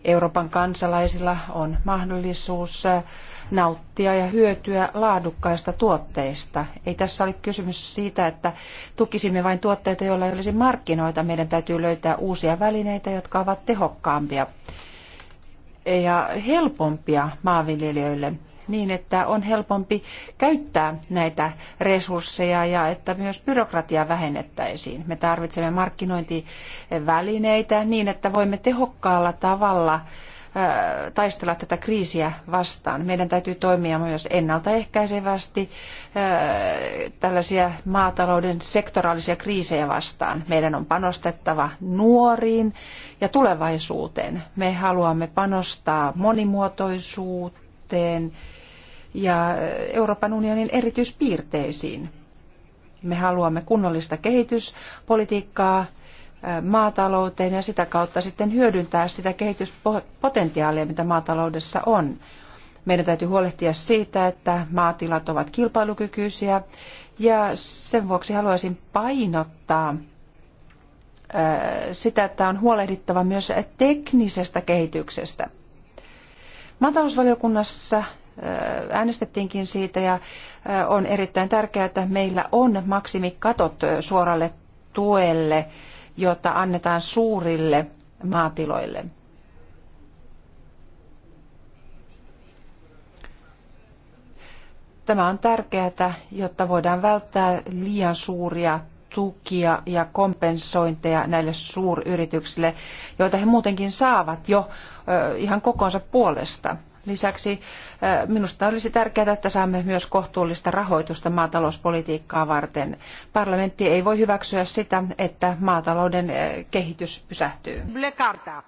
Euroopan kansalaisilla on mahdollisuus nauttia ja hyötyä laadukkaista tuotteista. Ei tässä ole kysymys siitä, että tukisimme vain tuotteita, joilla ei olisi markkinoita. Meidän täytyy löytää uusia välineitä, jotka ovat tehokkaampia ja helpompia maanviljelijöille niin, että on helpompi käyttää näitä resursseja ja että myös byrokratiaa vähennettäisiin. Me tarvitsemme markkinointivälineitä niin, että voimme tehokkaalla tavalla äh, taistella tätä kriisiä vastaan. Meidän täytyy toimia myös ennaltaehkäisevästi äh, tällaisia maatalouden sektoraalisia kriisejä vastaan. Meidän on panostettava nuoriin ja tulevaisuuteen. Me haluamme panostaa monimuotoisuuteen, ja Euroopan unionin erityispiirteisiin. Me haluamme kunnollista kehityspolitiikkaa maatalouteen ja sitä kautta sitten hyödyntää sitä kehityspotentiaalia, mitä maataloudessa on. Meidän täytyy huolehtia siitä, että maatilat ovat kilpailukykyisiä ja sen vuoksi haluaisin painottaa sitä, että on huolehdittava myös teknisestä kehityksestä. Maatalousvaliokunnassa äänestettiinkin siitä ja on erittäin tärkeää, että meillä on maksimikatot suoralle tuelle, jota annetaan suurille maatiloille. Tämä on tärkeää, jotta voidaan välttää liian suuria tukia ja kompensointeja näille suuryrityksille, joita he muutenkin saavat jo ihan kokonsa puolesta. Lisäksi minusta olisi tärkeää, että saamme myös kohtuullista rahoitusta maatalouspolitiikkaa varten. Parlamentti ei voi hyväksyä sitä, että maatalouden kehitys pysähtyy. Blekarta.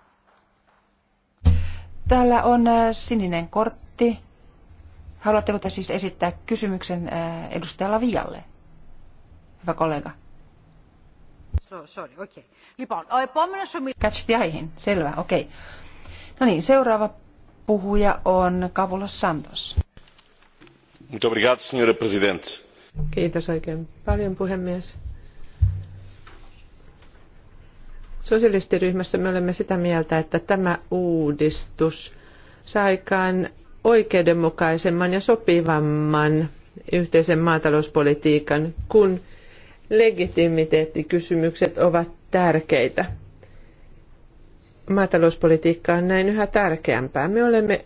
Täällä on sininen kortti. Haluatteko te siis esittää kysymyksen edustaja Vialle? Hyvä kollega. Sorry, okei. Okay. Catch the Selvä, okei. Okay. No niin, seuraava puhuja on Kavulos Santos. Kiitos oikein paljon puhemies. Sosialistiryhmässä me olemme sitä mieltä, että tämä uudistus saa aikaan oikeudenmukaisemman ja sopivamman yhteisen maatalouspolitiikan, kun legitimiteettikysymykset ovat tärkeitä maatalouspolitiikka on näin yhä tärkeämpää. Me olemme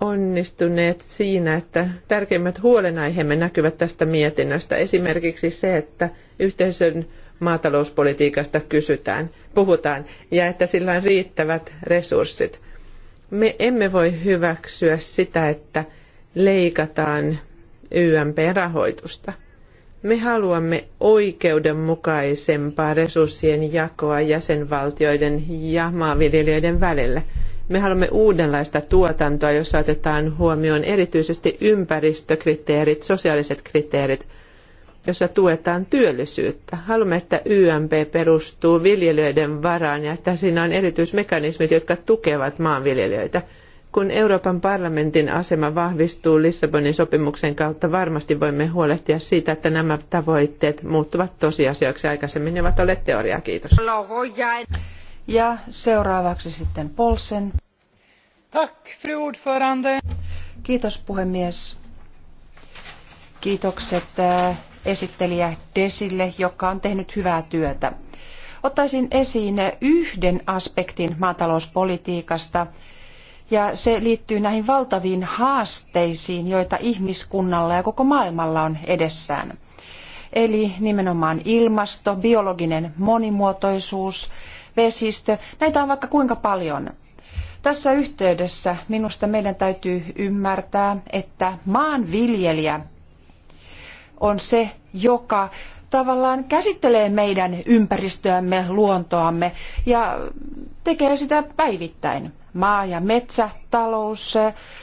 onnistuneet siinä, että tärkeimmät huolenaiheemme näkyvät tästä mietinnöstä. Esimerkiksi se, että yhteisön maatalouspolitiikasta kysytään, puhutaan ja että sillä on riittävät resurssit. Me emme voi hyväksyä sitä, että leikataan YMP-rahoitusta – me haluamme oikeudenmukaisempaa resurssien jakoa jäsenvaltioiden ja maanviljelijöiden välillä. Me haluamme uudenlaista tuotantoa, jossa otetaan huomioon erityisesti ympäristökriteerit, sosiaaliset kriteerit, jossa tuetaan työllisyyttä. Haluamme, että YMP perustuu viljelijöiden varaan ja että siinä on erityismekanismit, jotka tukevat maanviljelijöitä – kun Euroopan parlamentin asema vahvistuu Lissabonin sopimuksen kautta, varmasti voimme huolehtia siitä, että nämä tavoitteet muuttuvat tosiasioiksi. Aikaisemmin ne ovat olleet teoriaa. Kiitos. Ja seuraavaksi sitten Polsen. Tack, fru ordförande. Kiitos puhemies. Kiitokset eh, esittelijä Desille, joka on tehnyt hyvää työtä. Ottaisin esiin yhden aspektin maatalouspolitiikasta, ja se liittyy näihin valtaviin haasteisiin, joita ihmiskunnalla ja koko maailmalla on edessään. Eli nimenomaan ilmasto, biologinen monimuotoisuus, vesistö, näitä on vaikka kuinka paljon. Tässä yhteydessä minusta meidän täytyy ymmärtää, että maanviljelijä on se, joka tavallaan käsittelee meidän ympäristöämme, luontoamme ja tekee sitä päivittäin maa- ja metsätalous,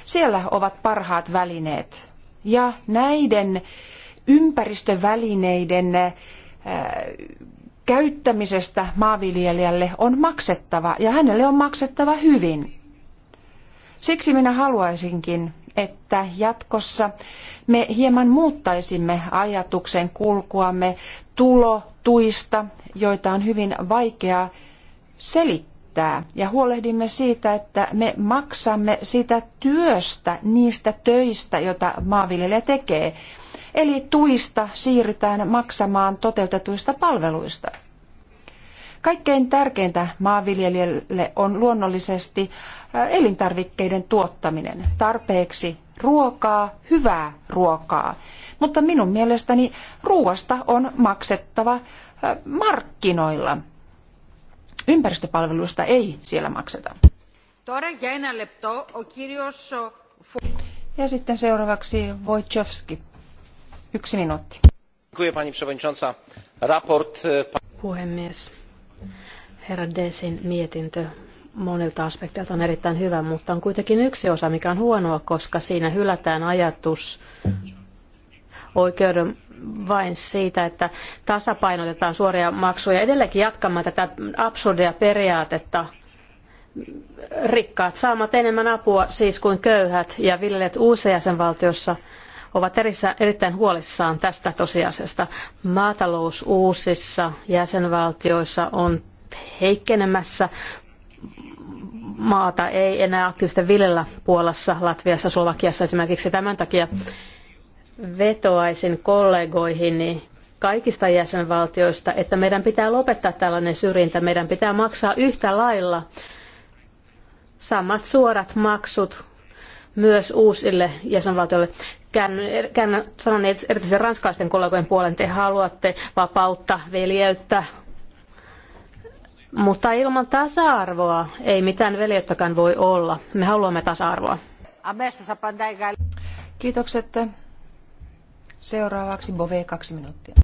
siellä ovat parhaat välineet. Ja näiden ympäristövälineiden äh, käyttämisestä maanviljelijälle on maksettava ja hänelle on maksettava hyvin. Siksi minä haluaisinkin, että jatkossa me hieman muuttaisimme ajatuksen kulkuamme tulotuista, joita on hyvin vaikea selittää käyttää ja huolehdimme siitä, että me maksamme sitä työstä, niistä töistä, joita maanviljelijä tekee. Eli tuista siirrytään maksamaan toteutetuista palveluista. Kaikkein tärkeintä maanviljelijälle on luonnollisesti äh, elintarvikkeiden tuottaminen, tarpeeksi ruokaa, hyvää ruokaa. Mutta minun mielestäni ruoasta on maksettava äh, markkinoilla – Ympäristöpalveluista ei siellä makseta. Ja sitten seuraavaksi Wojciechowski. Yksi minuutti. E, Puhemies, herra Desin mietintö monilta aspekteilta on erittäin hyvä, mutta on kuitenkin yksi osa, mikä on huonoa, koska siinä hylätään ajatus oikeuden vain siitä, että tasapainotetaan suoria maksuja. Edelleenkin jatkamme tätä absurdia periaatetta. Rikkaat saavat enemmän apua siis kuin köyhät ja viljelijät uusia jäsenvaltiossa ovat erittäin huolissaan tästä tosiasiasta. Maatalous uusissa jäsenvaltioissa on heikkenemässä. Maata ei enää aktiivisesti viljellä Puolassa, Latviassa, Slovakiassa esimerkiksi tämän takia vetoaisin kollegoihini kaikista jäsenvaltioista, että meidän pitää lopettaa tällainen syrjintä. Meidän pitää maksaa yhtä lailla samat suorat maksut myös uusille jäsenvaltioille. Käännän sanon erityisen ranskalaisten kollegojen puolen, te haluatte vapautta, veljeyttä, mutta ilman tasa-arvoa ei mitään veljeyttäkään voi olla. Me haluamme tasa-arvoa. Kiitokset. Seuraavaksi Bove, kaksi minuuttia.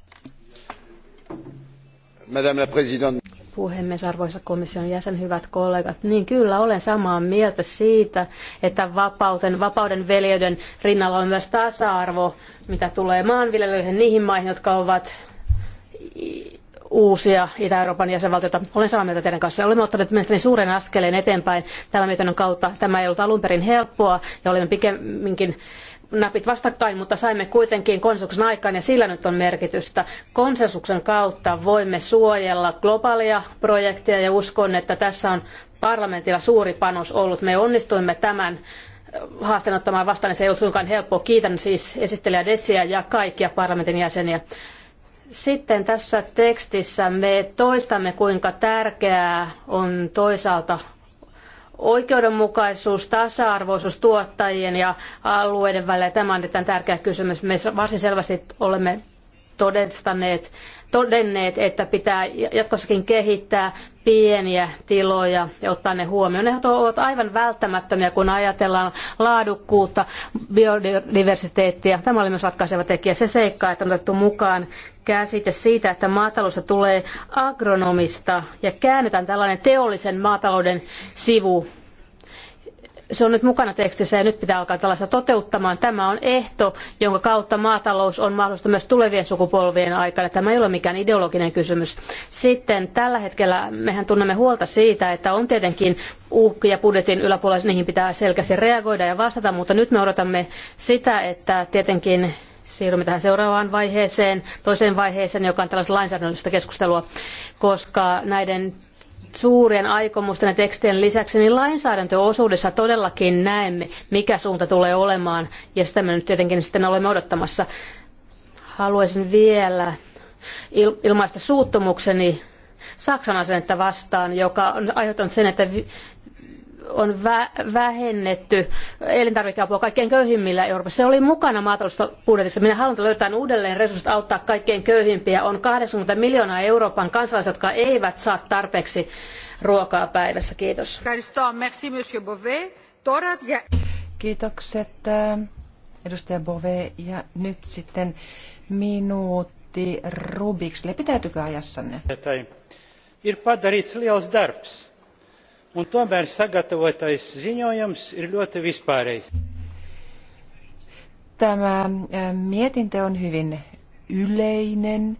Madame la Présidente. Puhemies, arvoisa komission jäsen, hyvät kollegat. Niin kyllä olen samaa mieltä siitä, että vapauden, vapauden veljeyden rinnalla on myös tasa-arvo, mitä tulee maanviljelijöihin niihin maihin, jotka ovat uusia Itä-Euroopan jäsenvaltioita. Olen samaa mieltä teidän kanssa. Olemme ottaneet mielestäni suuren askeleen eteenpäin tämän mietinnön kautta. Tämä ei ollut alun perin helppoa ja olemme pikemminkin napit vastakkain, mutta saimme kuitenkin konsensuksen aikaan ja sillä nyt on merkitystä. Konsensuksen kautta voimme suojella globaalia projekteja ja uskon, että tässä on parlamentilla suuri panos ollut. Me onnistuimme tämän eh, haasteen ottamaan vastaan, ja niin se ei ollut suinkaan helppoa. Kiitän siis esittelijä Desiä ja kaikkia parlamentin jäseniä. Sitten tässä tekstissä me toistamme, kuinka tärkeää on toisaalta oikeudenmukaisuus, tasa-arvoisuus tuottajien ja alueiden välillä. Tämä on erittäin tärkeä kysymys. Me varsin selvästi olemme todenneet, että pitää jatkossakin kehittää pieniä tiloja ja ottaa ne huomioon. Ne ovat aivan välttämättömiä, kun ajatellaan laadukkuutta, biodiversiteettia. Tämä oli myös ratkaiseva tekijä. Se seikka, että on otettu mukaan käsite siitä, että maataloudesta tulee agronomista ja käännetään tällainen teollisen maatalouden sivu se on nyt mukana tekstissä ja nyt pitää alkaa tällaista toteuttamaan. Tämä on ehto, jonka kautta maatalous on mahdollista myös tulevien sukupolvien aikana. Tämä ei ole mikään ideologinen kysymys. Sitten tällä hetkellä mehän tunnemme huolta siitä, että on tietenkin uhkia budjetin yläpuolella, niihin pitää selkeästi reagoida ja vastata, mutta nyt me odotamme sitä, että tietenkin siirrymme tähän seuraavaan vaiheeseen, toiseen vaiheeseen, joka on tällaista lainsäädännöllistä keskustelua, koska näiden suurien aikomusten ja tekstien lisäksi, niin lainsäädäntöosuudessa todellakin näemme, mikä suunta tulee olemaan, ja sitä me nyt tietenkin sitten olemme odottamassa. Haluaisin vielä ilmaista suuttumukseni Saksan asennetta vastaan, joka on aiheuttanut sen, että on vä- vähennetty elintarvikeapua kaikkein köyhimmillä Euroopassa. Se oli mukana maatalousbudjetissa. Minä haluan löytää uudelleen resurssit auttaa kaikkein köyhimpiä. On 80 miljoonaa Euroopan kansalaisia, jotka eivät saa tarpeeksi ruokaa päivässä. Kiitos. Kiitokset äh, edustaja Bove. Ja nyt sitten minuutti Rubikselle. Pitäytykää ajassanne. Ir padarīts liels darbs un tomēr sagatavotais ziņojums ir ļoti vispārējs. Tämä mietintö on hyvin yleinen.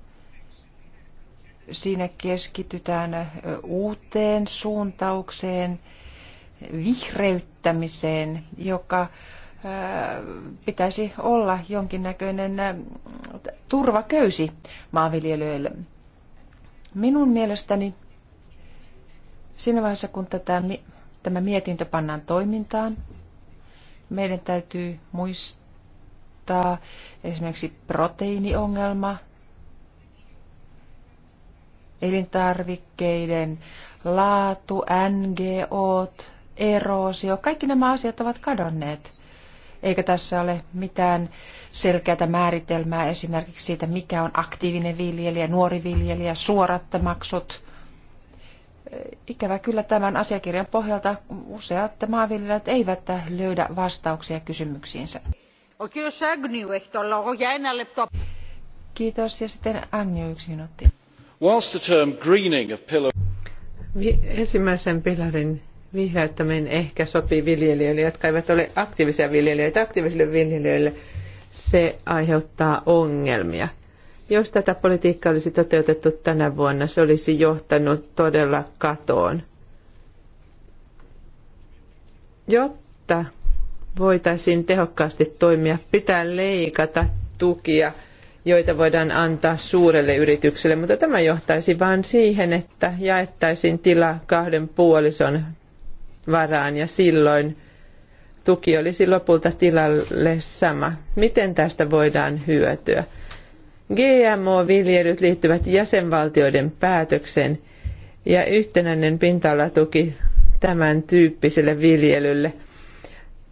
Siinä keskitytään uuteen suuntaukseen, vihreyttämiseen, joka pitäisi olla jonkinnäköinen turvaköysi maanviljelijöille. Minun mielestäni Siinä vaiheessa, kun tätä, tämä mietintö pannaan toimintaan, meidän täytyy muistaa esimerkiksi proteiiniongelma, elintarvikkeiden laatu, NGO, eroosio, kaikki nämä asiat ovat kadonneet. Eikä tässä ole mitään selkeää määritelmää esimerkiksi siitä, mikä on aktiivinen viljelijä, nuori viljelijä, suorattamaksut – Ikävä kyllä tämän asiakirjan pohjalta useat maanviljelijät eivät löydä vastauksia kysymyksiinsä. Kiitos ja sitten Agnew yksi minuutti. Whilst the term greening of pillar... Ensimmäisen pilarin vihreyttäminen ehkä sopii viljelijöille, jotka eivät ole aktiivisia viljelijöitä. Aktiivisille viljelijöille se aiheuttaa ongelmia. Jos tätä politiikkaa olisi toteutettu tänä vuonna, se olisi johtanut todella katoon. Jotta voitaisiin tehokkaasti toimia, pitää leikata tukia, joita voidaan antaa suurelle yritykselle, mutta tämä johtaisi vain siihen, että jaettaisiin tila kahden puolison varaan ja silloin tuki olisi lopulta tilalle sama. Miten tästä voidaan hyötyä? GMO-viljelyt liittyvät jäsenvaltioiden päätöksen ja yhtenäinen pinta-alatuki tämän tyyppiselle viljelylle.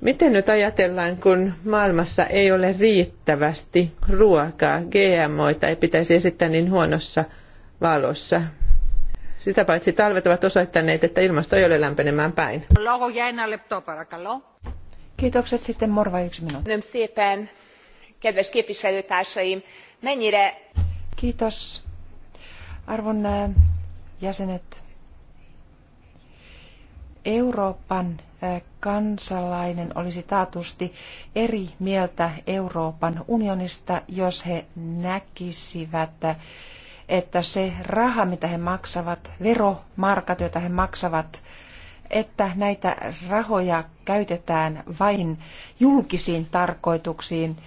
Miten nyt ajatellaan, kun maailmassa ei ole riittävästi ruokaa, GMOita ei pitäisi esittää niin huonossa valossa? Sitä paitsi talvet ovat osoittaneet, että ilmasto ei ole lämpenemään päin. Kiitokset sitten Morva yksi minuutti. Köszönöm szépen, kedves képviselőtársaim! Kiitos. Arvon äh, jäsenet, Euroopan äh, kansalainen olisi taatusti eri mieltä Euroopan unionista, jos he näkisivät, äh, että se raha, mitä he maksavat, veromarkat, joita he maksavat, että näitä rahoja käytetään vain julkisiin tarkoituksiin,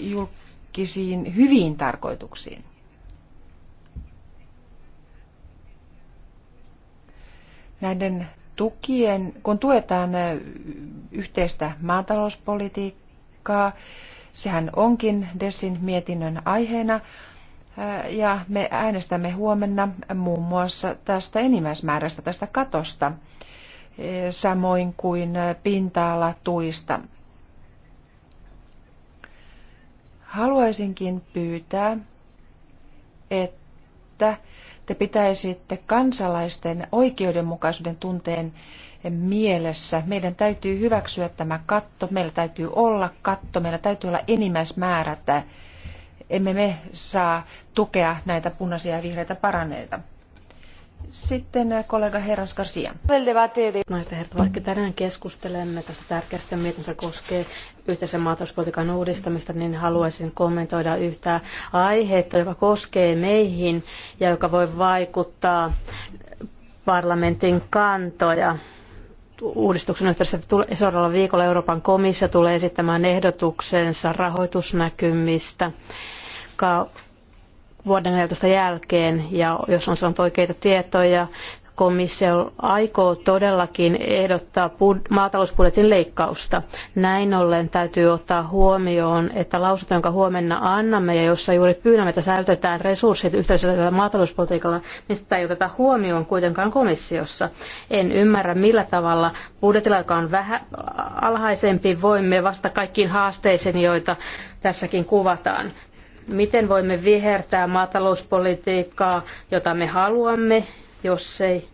julkisiin julkisiin hyviin tarkoituksiin. Näiden tukien, kun tuetaan yhteistä maatalouspolitiikkaa, sehän onkin Dessin mietinnön aiheena, ja me äänestämme huomenna muun muassa tästä enimmäismäärästä, tästä katosta, e, samoin kuin pinta-alatuista. Haluaisinkin pyytää, että te pitäisitte kansalaisten oikeudenmukaisuuden tunteen mielessä. Meidän täytyy hyväksyä tämä katto, meillä täytyy olla katto, meillä täytyy olla enimmäismäärätä, Emme me saa tukea näitä punaisia ja vihreitä paraneita. Sitten kollega Herras Garcia. Naiset tänään keskustelemme tästä tärkeästä mietinnöstä koskee yhteisen maatalouspolitiikan uudistamista, niin haluaisin kommentoida yhtä aihetta, joka koskee meihin ja joka voi vaikuttaa parlamentin kantoja uudistuksen yhteydessä seuraavalla viikolla Euroopan komissio tulee esittämään ehdotuksensa rahoitusnäkymistä vuoden 14 jälkeen. Ja jos on saanut oikeita tietoja, komissio aikoo todellakin ehdottaa maatalousbudjetin leikkausta. Näin ollen täytyy ottaa huomioon, että lausunto, jonka huomenna annamme ja jossa juuri pyydämme, että säilytetään resurssit yhteisellä maatalouspolitiikalla, niin sitä ei oteta huomioon kuitenkaan komissiossa. En ymmärrä, millä tavalla budjetilla, joka on vähän alhaisempi, voimme vastata kaikkiin haasteisiin, joita tässäkin kuvataan miten voimme vihertää maatalouspolitiikkaa, jota me haluamme jos ei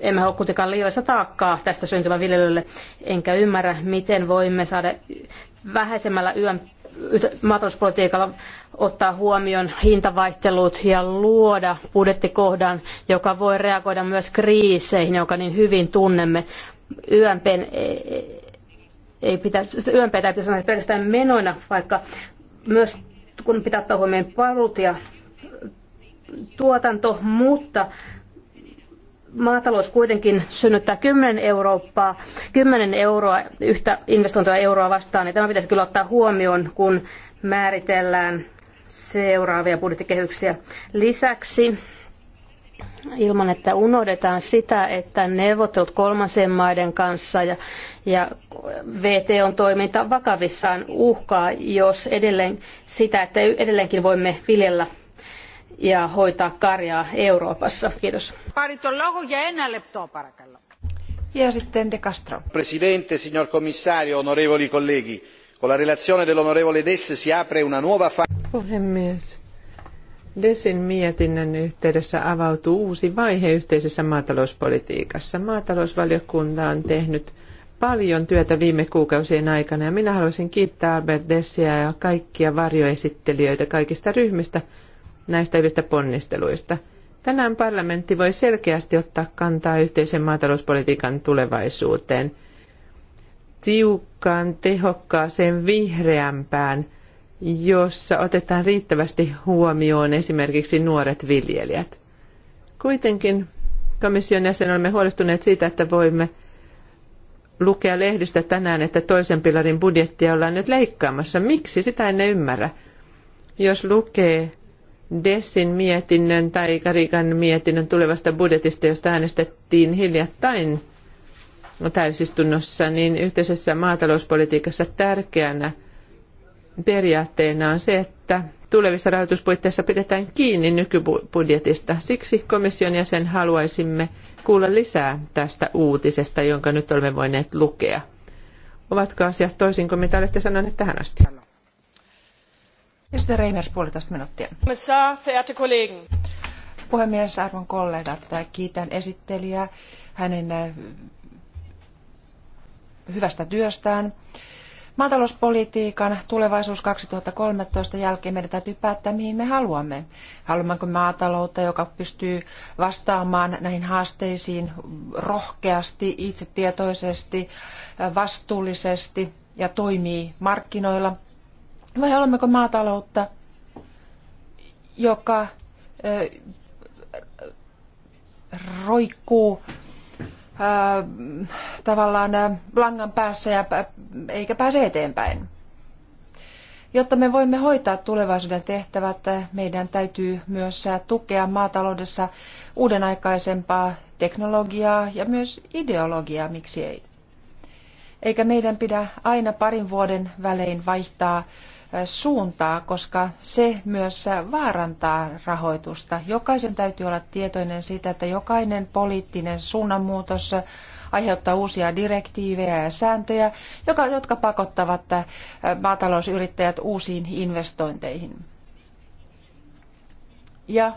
emme halua kuitenkaan liiallista taakkaa tästä syntyvän viljelylle, enkä ymmärrä, miten voimme saada vähäisemmällä yön maatalouspolitiikalla ottaa huomioon hintavaihtelut ja luoda budjettikohdan, joka voi reagoida myös kriiseihin, joka niin hyvin tunnemme. YMPn ei, e, ei pitä, YMP täytyy sanoa pelkästään menoina, vaikka myös kun pitää ottaa huomioon palut ja tuotanto, mutta maatalous kuitenkin synnyttää 10 euroa, 10 euroa yhtä investointia euroa vastaan, niin tämä pitäisi kyllä ottaa huomioon, kun määritellään seuraavia budjettikehyksiä. Lisäksi ilman, että unohdetaan sitä, että neuvottelut kolmansien maiden kanssa ja, ja VTOn toiminta vakavissaan uhkaa, jos edelleen sitä, että edelleenkin voimme viljellä ja hoitaa karjaa Euroopassa. Kiitos. Ja sitten De Castro. Presidente, signor commissario, onorevoli colleghi, con la relazione dell'onorevole Dess si apre una nuova fase. Puhemies. Desin mietinnön yhteydessä avautuu uusi vaihe yhteisessä maatalouspolitiikassa. Maatalousvaliokunta on tehnyt paljon työtä viime kuukausien aikana ja minä haluaisin kiittää Albert Dessiä ja kaikkia varjoesittelijöitä kaikista ryhmistä – näistä hyvistä ponnisteluista. Tänään parlamentti voi selkeästi ottaa kantaa yhteisen maatalouspolitiikan tulevaisuuteen. Tiukkaan, tehokkaaseen, vihreämpään, jossa otetaan riittävästi huomioon esimerkiksi nuoret viljelijät. Kuitenkin komission jäsen olemme huolestuneet siitä, että voimme lukea lehdistä tänään, että toisen pilarin budjettia ollaan nyt leikkaamassa. Miksi? Sitä en ymmärrä. Jos lukee Dessin mietinnön tai Karikan mietinnön tulevasta budjetista, josta äänestettiin hiljattain täysistunnossa, niin yhteisessä maatalouspolitiikassa tärkeänä periaatteena on se, että tulevissa rahoituspuitteissa pidetään kiinni nykybudjetista. Siksi komission jäsen haluaisimme kuulla lisää tästä uutisesta, jonka nyt olemme voineet lukea. Ovatko asiat toisin kuin mitä olette sanoneet tähän asti? Ja Reimers puolitoista minuuttia. Kommissar, verehrte Kollegen. Puhemies, arvon kollegat, kiitän esittelijää hänen äh, hyvästä työstään. Maatalouspolitiikan tulevaisuus 2013 jälkeen meidän täytyy päättää, mihin me haluamme. Haluammeko maataloutta, joka pystyy vastaamaan näihin haasteisiin rohkeasti, itsetietoisesti, vastuullisesti ja toimii markkinoilla? Vai olemmeko maataloutta, joka roikkuu tavallaan langan päässä ja eikä pääse eteenpäin. Jotta me voimme hoitaa tulevaisuuden tehtävät, meidän täytyy myös tukea maataloudessa uudenaikaisempaa teknologiaa ja myös ideologiaa, miksi ei. Eikä meidän pidä aina parin vuoden välein vaihtaa suuntaa, koska se myös vaarantaa rahoitusta. Jokaisen täytyy olla tietoinen siitä, että jokainen poliittinen suunnanmuutos aiheuttaa uusia direktiivejä ja sääntöjä, jotka pakottavat maatalousyrittäjät uusiin investointeihin. Ja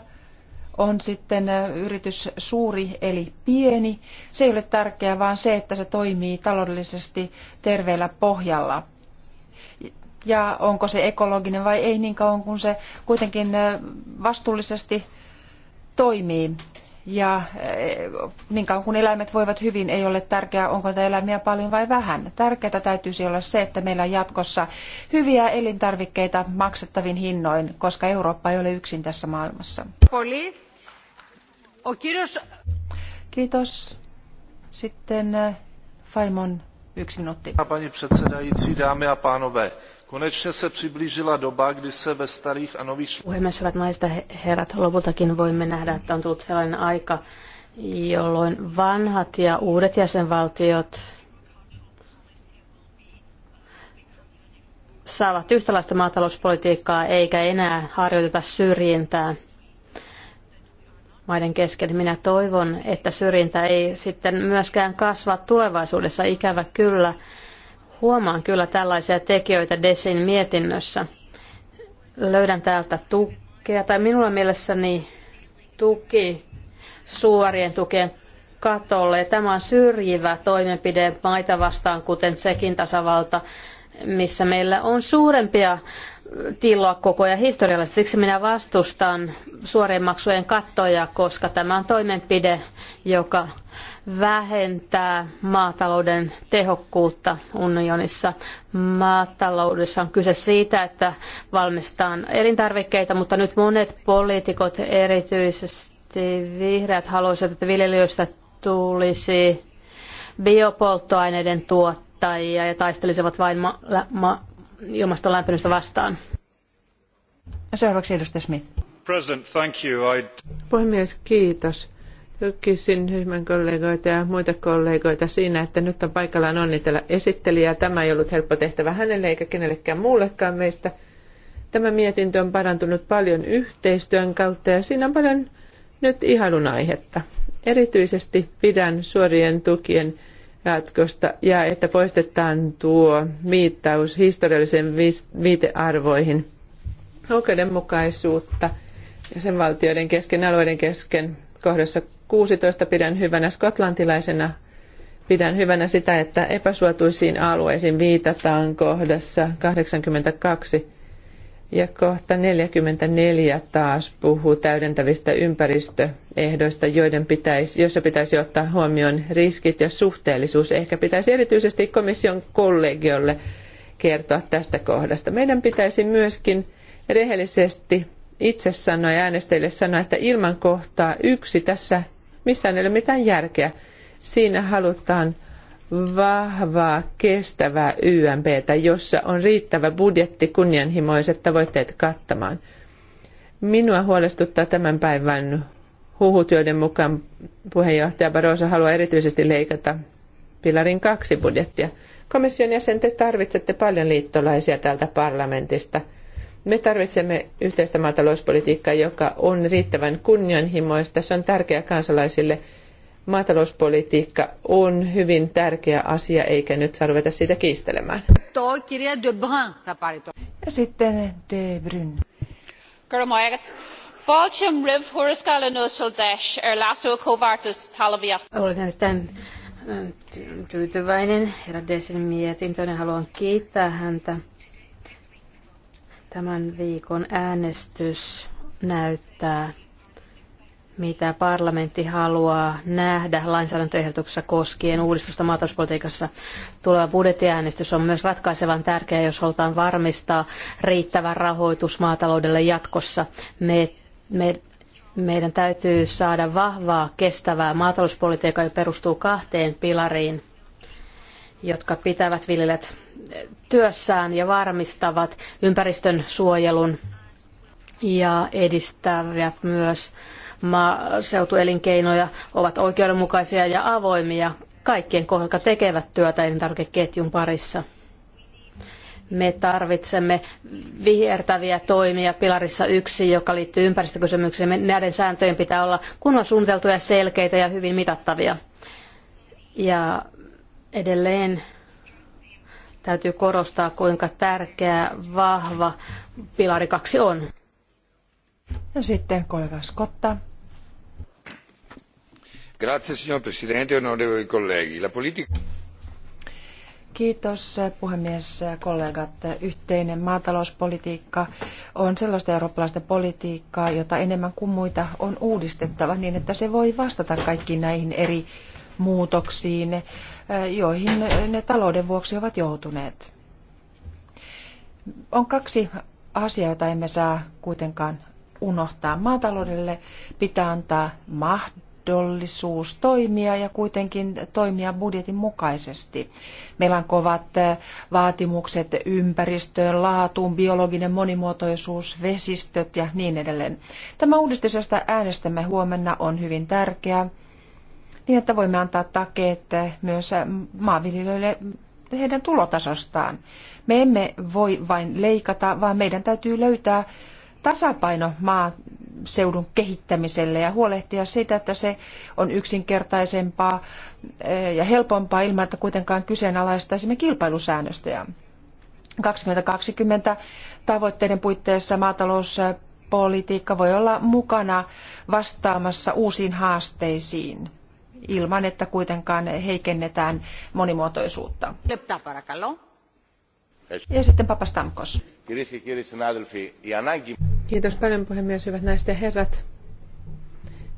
on sitten yritys suuri eli pieni. Se ei ole tärkeää, vaan se, että se toimii taloudellisesti terveellä pohjalla ja onko se ekologinen vai ei niin kauan kuin se kuitenkin vastuullisesti toimii. Ja niin kauan kun eläimet voivat hyvin, ei ole tärkeää, onko niitä eläimiä paljon vai vähän. Tärkeää täytyisi olla se, että meillä on jatkossa hyviä elintarvikkeita maksettavin hinnoin, koska Eurooppa ei ole yksin tässä maailmassa. Kiitos. Sitten Faimon Yksi minuutti. Pani předsedající, dámy a pánové, konečně se přiblížila doba, kdy se ve starých a nových... Puhemies, hyvät naiset herrat, lopultakin voimme nähdä, että on tullut sellainen aika, jolloin vanhat ja uudet jäsenvaltiot saavat yhtäläistä maatalouspolitiikkaa eikä enää harjoiteta syrjintää maiden kesken. Minä toivon, että syrjintä ei sitten myöskään kasva tulevaisuudessa. Ikävä kyllä. Huomaan kyllä tällaisia tekijöitä Desin mietinnössä. Löydän täältä tukea, tai minulla mielessäni tuki suorien tukien katolle. tämä on syrjivä toimenpide maita vastaan, kuten Tsekin tasavalta, missä meillä on suurempia tilloa koko ajan historiallisesti. Siksi minä vastustan suorien maksujen kattoja, koska tämä on toimenpide, joka vähentää maatalouden tehokkuutta unionissa. Maataloudessa on kyse siitä, että valmistetaan elintarvikkeita, mutta nyt monet poliitikot, erityisesti vihreät, haluaisivat, että viljelijöistä tulisi biopolttoaineiden tuottajia ja taistelisivat vain ma- ma- ilmaston lämpenemistä vastaan. Seuraavaksi edustaja Smith. President, thank you. Puhemies, kiitos. Tukisin ryhmän kollegoita ja muita kollegoita siinä, että nyt on paikallaan onnitella esittelijää. Tämä ei ollut helppo tehtävä hänelle eikä kenellekään muullekaan meistä. Tämä mietintö on parantunut paljon yhteistyön kautta ja siinä on paljon nyt ihailun aihetta. Erityisesti pidän suorien tukien jatkosta ja että poistetaan tuo viittaus historiallisen viitearvoihin oikeudenmukaisuutta ja sen valtioiden kesken, alueiden kesken kohdassa 16 pidän hyvänä skotlantilaisena Pidän hyvänä sitä, että epäsuotuisiin alueisiin viitataan kohdassa 82 ja kohta 44 taas puhuu täydentävistä ympäristöehdoista, joiden pitäisi, joissa pitäisi ottaa huomioon riskit ja suhteellisuus. Ehkä pitäisi erityisesti komission kollegiolle kertoa tästä kohdasta. Meidän pitäisi myöskin rehellisesti itse sanoa ja äänestäjille sanoa, että ilman kohtaa yksi tässä missään ei ole mitään järkeä. Siinä halutaan vahvaa, kestävää YMPtä, jossa on riittävä budjetti kunnianhimoiset tavoitteet kattamaan. Minua huolestuttaa tämän päivän huhut, joiden mukaan puheenjohtaja Barroso haluaa erityisesti leikata pilarin kaksi budjettia. Komission jäsen, te tarvitsette paljon liittolaisia täältä parlamentista. Me tarvitsemme yhteistä maatalouspolitiikkaa, joka on riittävän kunnianhimoista. Se on tärkeää kansalaisille – maatalouspolitiikka on hyvin tärkeä asia, eikä nyt saa ruveta siitä kiistelemään. Ja sitten De Bryn. Fáiltim rih thuras nuúsil deis ar lasú cóhhartas talvíocht. Olen erittäin ähm, tyytyväinen herra Desin mietintöön niin ja haluan kiittää häntä. Tämän viikon äänestys näyttää mitä parlamentti haluaa nähdä lainsäädäntöehdotuksessa koskien uudistusta maatalouspolitiikassa. Tuleva budjettiäänestys on myös ratkaisevan tärkeä, jos halutaan varmistaa riittävä rahoitus maataloudelle jatkossa. Me, me, meidän täytyy saada vahvaa, kestävää maatalouspolitiikkaa, joka perustuu kahteen pilariin jotka pitävät viljelijät työssään ja varmistavat ympäristön suojelun ja edistävät myös maaseutuelinkeinoja ovat oikeudenmukaisia ja avoimia kaikkien kohdalla, jotka tekevät työtä elintarvikeketjun parissa. Me tarvitsemme vihertäviä toimia pilarissa yksi, joka liittyy ympäristökysymyksiin. Näiden sääntöjen pitää olla kunnon suunniteltuja, selkeitä ja hyvin mitattavia. Ja edelleen täytyy korostaa, kuinka tärkeä, vahva pilari kaksi on. Ja sitten kollega Skotta signor presidente onorevoli colleghi la politica. Kiitos puhemies kollegat. Yhteinen maatalouspolitiikka on sellaista eurooppalaista politiikkaa, jota enemmän kuin muita on uudistettava niin, että se voi vastata kaikkiin näihin eri muutoksiin, joihin ne talouden vuoksi ovat joutuneet. On kaksi asiaa, joita emme saa kuitenkaan unohtaa. Maataloudelle pitää antaa mahdollisuus mahdollisuus toimia ja kuitenkin toimia budjetin mukaisesti. Meillä on kovat eh, vaatimukset ympäristöön, laatuun, biologinen monimuotoisuus, vesistöt ja niin edelleen. Tämä uudistus, josta äänestämme huomenna, on hyvin tärkeä niin, että voimme antaa takeet eh, myös eh, maanviljelijöille heidän tulotasostaan. Me emme voi vain leikata, vaan meidän täytyy löytää tasapaino maaseudun kehittämiselle ja huolehtia siitä, että se on yksinkertaisempaa eh, ja helpompaa ilman, että kuitenkaan kyseenalaistaisimme kilpailusäännöstöjä. 2020 tavoitteiden puitteissa maatalouspolitiikka voi olla mukana vastaamassa uusiin haasteisiin ilman, että kuitenkaan heikennetään monimuotoisuutta. Ja sitten Papastamkos. Kiitos paljon puhemies, hyvät naiset ja herrat.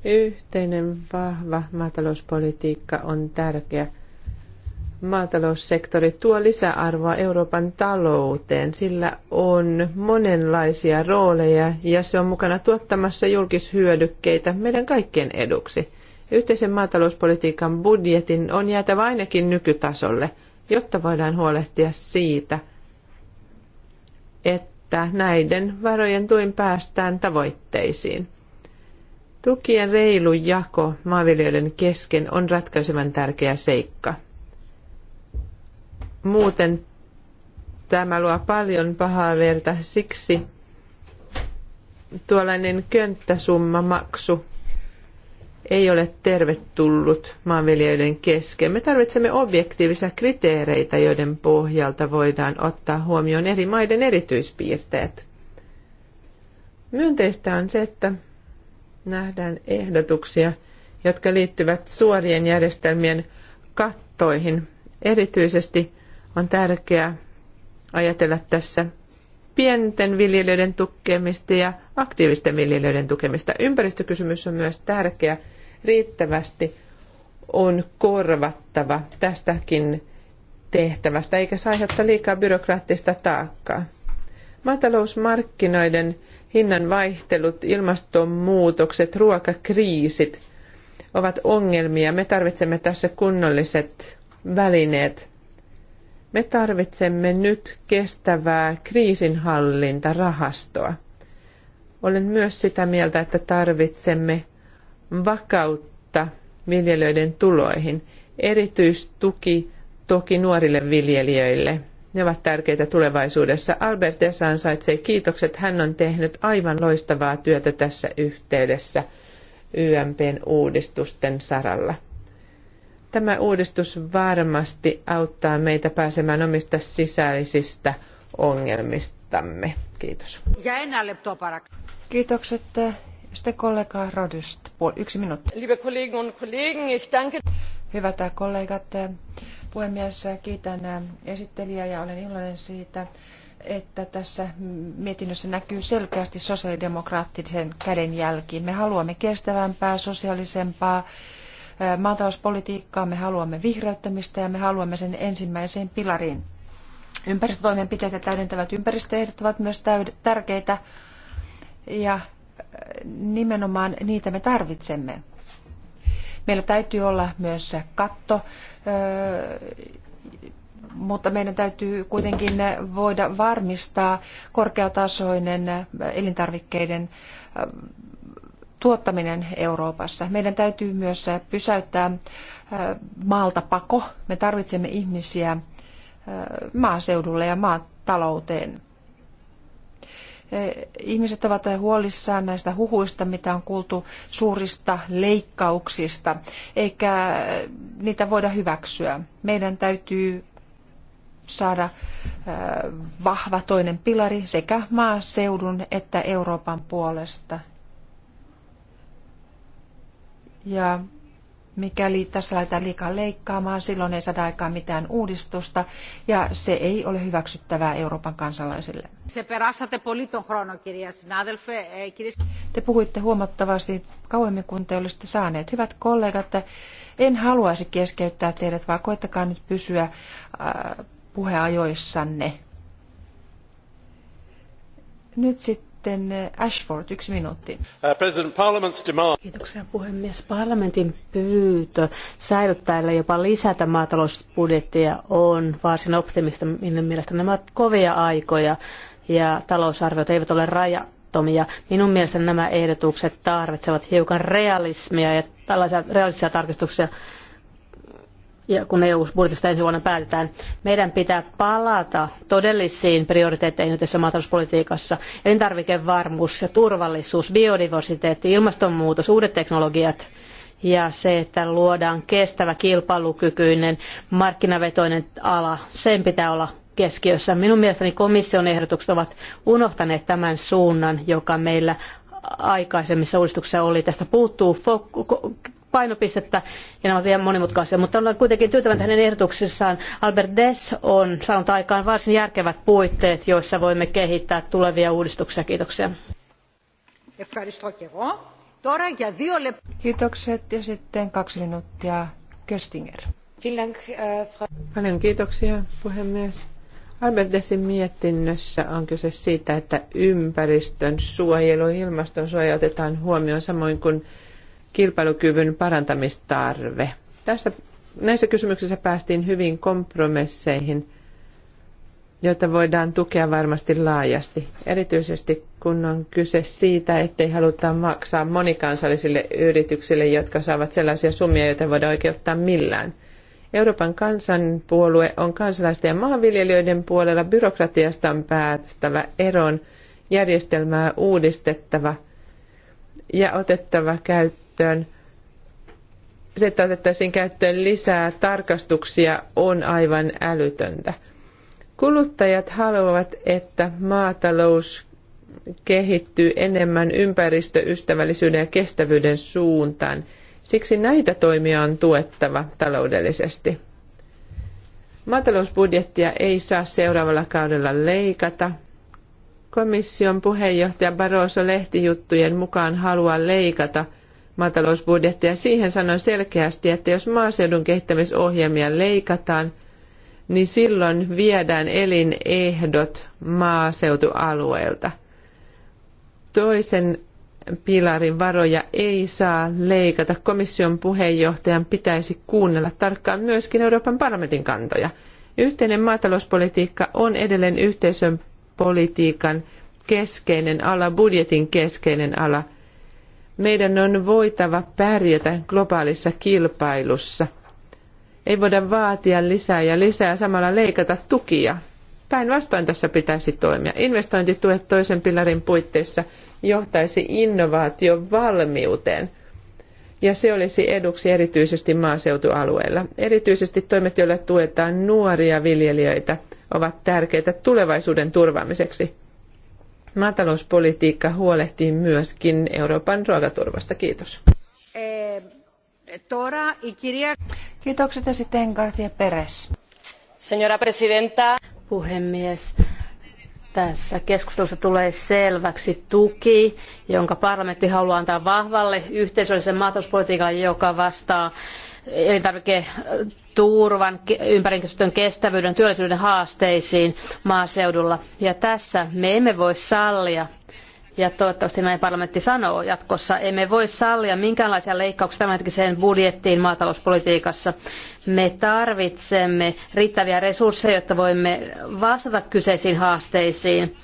Yhteinen vahva maatalouspolitiikka on tärkeä. Maataloussektori tuo lisäarvoa Euroopan talouteen. Sillä on monenlaisia rooleja ja se on mukana tuottamassa julkishyödykkeitä meidän kaikkien eduksi. Yhteisen maatalouspolitiikan budjetin on jäätävä ainakin nykytasolle, jotta voidaan huolehtia siitä, että että näiden varojen tuin päästään tavoitteisiin. Tukien reilu jako maanviljelijöiden kesken on ratkaisevan tärkeä seikka. Muuten tämä luo paljon pahaa verta, siksi tuollainen könttäsumma maksu ei ole tervetullut maanviljelijöiden kesken. Me tarvitsemme objektiivisia kriteereitä, joiden pohjalta voidaan ottaa huomioon eri maiden erityispiirteet. Myönteistä on se, että nähdään ehdotuksia, jotka liittyvät suorien järjestelmien kattoihin. Erityisesti on tärkeää ajatella tässä pienten viljelijöiden tukemista ja aktiivisten viljelijöiden tukemista. Ympäristökysymys on myös tärkeä riittävästi on korvattava tästäkin tehtävästä, eikä saa aiheuttaa liikaa byrokraattista taakkaa. Maatalousmarkkinoiden hinnan vaihtelut, ilmastonmuutokset, ruokakriisit ovat ongelmia. Me tarvitsemme tässä kunnolliset välineet. Me tarvitsemme nyt kestävää kriisinhallintarahastoa. Olen myös sitä mieltä, että tarvitsemme vakautta viljelijöiden tuloihin. Erityistuki toki nuorille viljelijöille. Ne ovat tärkeitä tulevaisuudessa. Albert Dessa ansaitsee kiitokset. Hän on tehnyt aivan loistavaa työtä tässä yhteydessä YMPn uudistusten saralla. Tämä uudistus varmasti auttaa meitä pääsemään omista sisäisistä ongelmistamme. Kiitos. Kiitokset. Eh, yksi minuutti. Hyvät kollegat, puhemies, kiitän esittelijää ja olen iloinen siitä, että tässä mietinnössä näkyy selkeästi sosiaalidemokraattisen kädenjälki. Me haluamme kestävämpää, sosiaalisempaa maatalouspolitiikkaa, me haluamme vihreyttämistä ja me haluamme sen ensimmäiseen pilariin. Ympäristötoimenpiteet ja täydentävät ympäristöehdot ovat myös tärkeitä ja nimenomaan niitä me tarvitsemme. Meillä täytyy olla myös katto, mutta meidän täytyy kuitenkin voida varmistaa korkeatasoinen elintarvikkeiden tuottaminen Euroopassa. Meidän täytyy myös pysäyttää maalta pako. Me tarvitsemme ihmisiä maaseudulle ja maatalouteen. Ihmiset ovat huolissaan näistä huhuista, mitä on kuultu suurista leikkauksista, eikä niitä voida hyväksyä. Meidän täytyy saada vahva toinen pilari sekä maaseudun että Euroopan puolesta. Ja Mikäli tässä lähdetään liikaa leikkaamaan, silloin ei saada aikaan mitään uudistusta ja se ei ole hyväksyttävää Euroopan kansalaisille. Te puhuitte huomattavasti kauemmin kuin te olisitte saaneet. Hyvät kollegat, en haluaisi keskeyttää teidät, vaan koittakaa nyt pysyä äh, puheajoissanne. Nyt sitten sitten eh, Ashford, yksi minuutti. Uh, Kiitoksia puhemies. Parlamentin pyytö säilyttää ja jopa lisätä maatalousbudjettia on varsin optimista. Minun mielestäni nämä ovat kovia aikoja ja talousarviot eivät ole rajattomia. Minun mielestäni nämä ehdotukset tarvitsevat hiukan realismia ja tällaisia realistisia tarkistuksia ja kun EU-budjetista ensi vuonna päätetään, meidän pitää palata todellisiin prioriteetteihin tässä maatalouspolitiikassa. Elintarvikevarmuus ja turvallisuus, biodiversiteetti, ilmastonmuutos, uudet teknologiat ja se, että luodaan kestävä, kilpailukykyinen, markkinavetoinen ala, sen pitää olla keskiössä. Minun mielestäni komission ehdotukset ovat unohtaneet tämän suunnan, joka meillä aikaisemmissa uudistuksissa oli. Tästä puuttuu painopistettä, ja ne ovat vielä monimutkaisia, mutta olen kuitenkin tyytyväinen hänen ehdotuksissaan. Albert Dess on saanut aikaan varsin järkevät puitteet, joissa voimme kehittää tulevia uudistuksia. Kiitoksia. Kiitokset ja sitten kaksi minuuttia Köstinger. Paljon kiitoksia puhemies. Albertesin mietinnössä on kyse siitä, että ympäristön suojelu ja ilmaston otetaan huomioon samoin kuin kilpailukyvyn parantamistarve. Tässä, näissä kysymyksissä päästiin hyvin kompromisseihin, joita voidaan tukea varmasti laajasti, erityisesti kun on kyse siitä, ettei haluta maksaa monikansallisille yrityksille, jotka saavat sellaisia summia, joita voidaan oikeuttaa millään. Euroopan kansanpuolue on kansalaisten ja maanviljelijöiden puolella byrokratiasta on päästävä eroon, järjestelmää uudistettava ja otettava käyttöön käyttöön, se, että otettaisiin käyttöön lisää tarkastuksia, on aivan älytöntä. Kuluttajat haluavat, että maatalous kehittyy enemmän ympäristöystävällisyyden ja kestävyyden suuntaan. Siksi näitä toimia on tuettava taloudellisesti. Maatalousbudjettia ei saa seuraavalla kaudella leikata. Komission puheenjohtaja Barroso lehtijuttujen mukaan haluaa leikata – maatalousbudjettia. Siihen sanon selkeästi, että jos maaseudun kehittämisohjelmia leikataan, niin silloin viedään elinehdot maaseutualueelta. Toisen pilarin varoja ei saa leikata. Komission puheenjohtajan pitäisi kuunnella tarkkaan myöskin Euroopan parlamentin kantoja. Yhteinen maatalouspolitiikka on edelleen yhteisön politiikan keskeinen ala, budjetin keskeinen ala – meidän on voitava pärjätä globaalissa kilpailussa. Ei voida vaatia lisää ja lisää samalla leikata tukia. Päinvastoin tässä pitäisi toimia. Investointituet toisen pilarin puitteissa johtaisi innovaation valmiuteen – ja se olisi eduksi erityisesti maaseutualueilla. Erityisesti toimet, joilla tuetaan nuoria viljelijöitä, ovat tärkeitä tulevaisuuden turvaamiseksi maatalouspolitiikka huolehtii myöskin Euroopan ruokaturvasta. Kiitos. Eh, Kiitokset ja sitten Garcia Perez. Señora presidenta. Puhemies. Tässä keskustelussa tulee selväksi tuki, jonka parlamentti haluaa antaa vahvalle yhteisölliselle maatalouspolitiikalle, joka vastaa elintarviketurvan, ympäristön kestävyyden, työllisyyden haasteisiin maaseudulla. Ja tässä me emme voi sallia ja toivottavasti näin parlamentti sanoo jatkossa, emme voi sallia minkäänlaisia leikkauksia tämänhetkiseen budjettiin maatalouspolitiikassa. Me tarvitsemme riittäviä resursseja, jotta voimme vastata kyseisiin haasteisiin.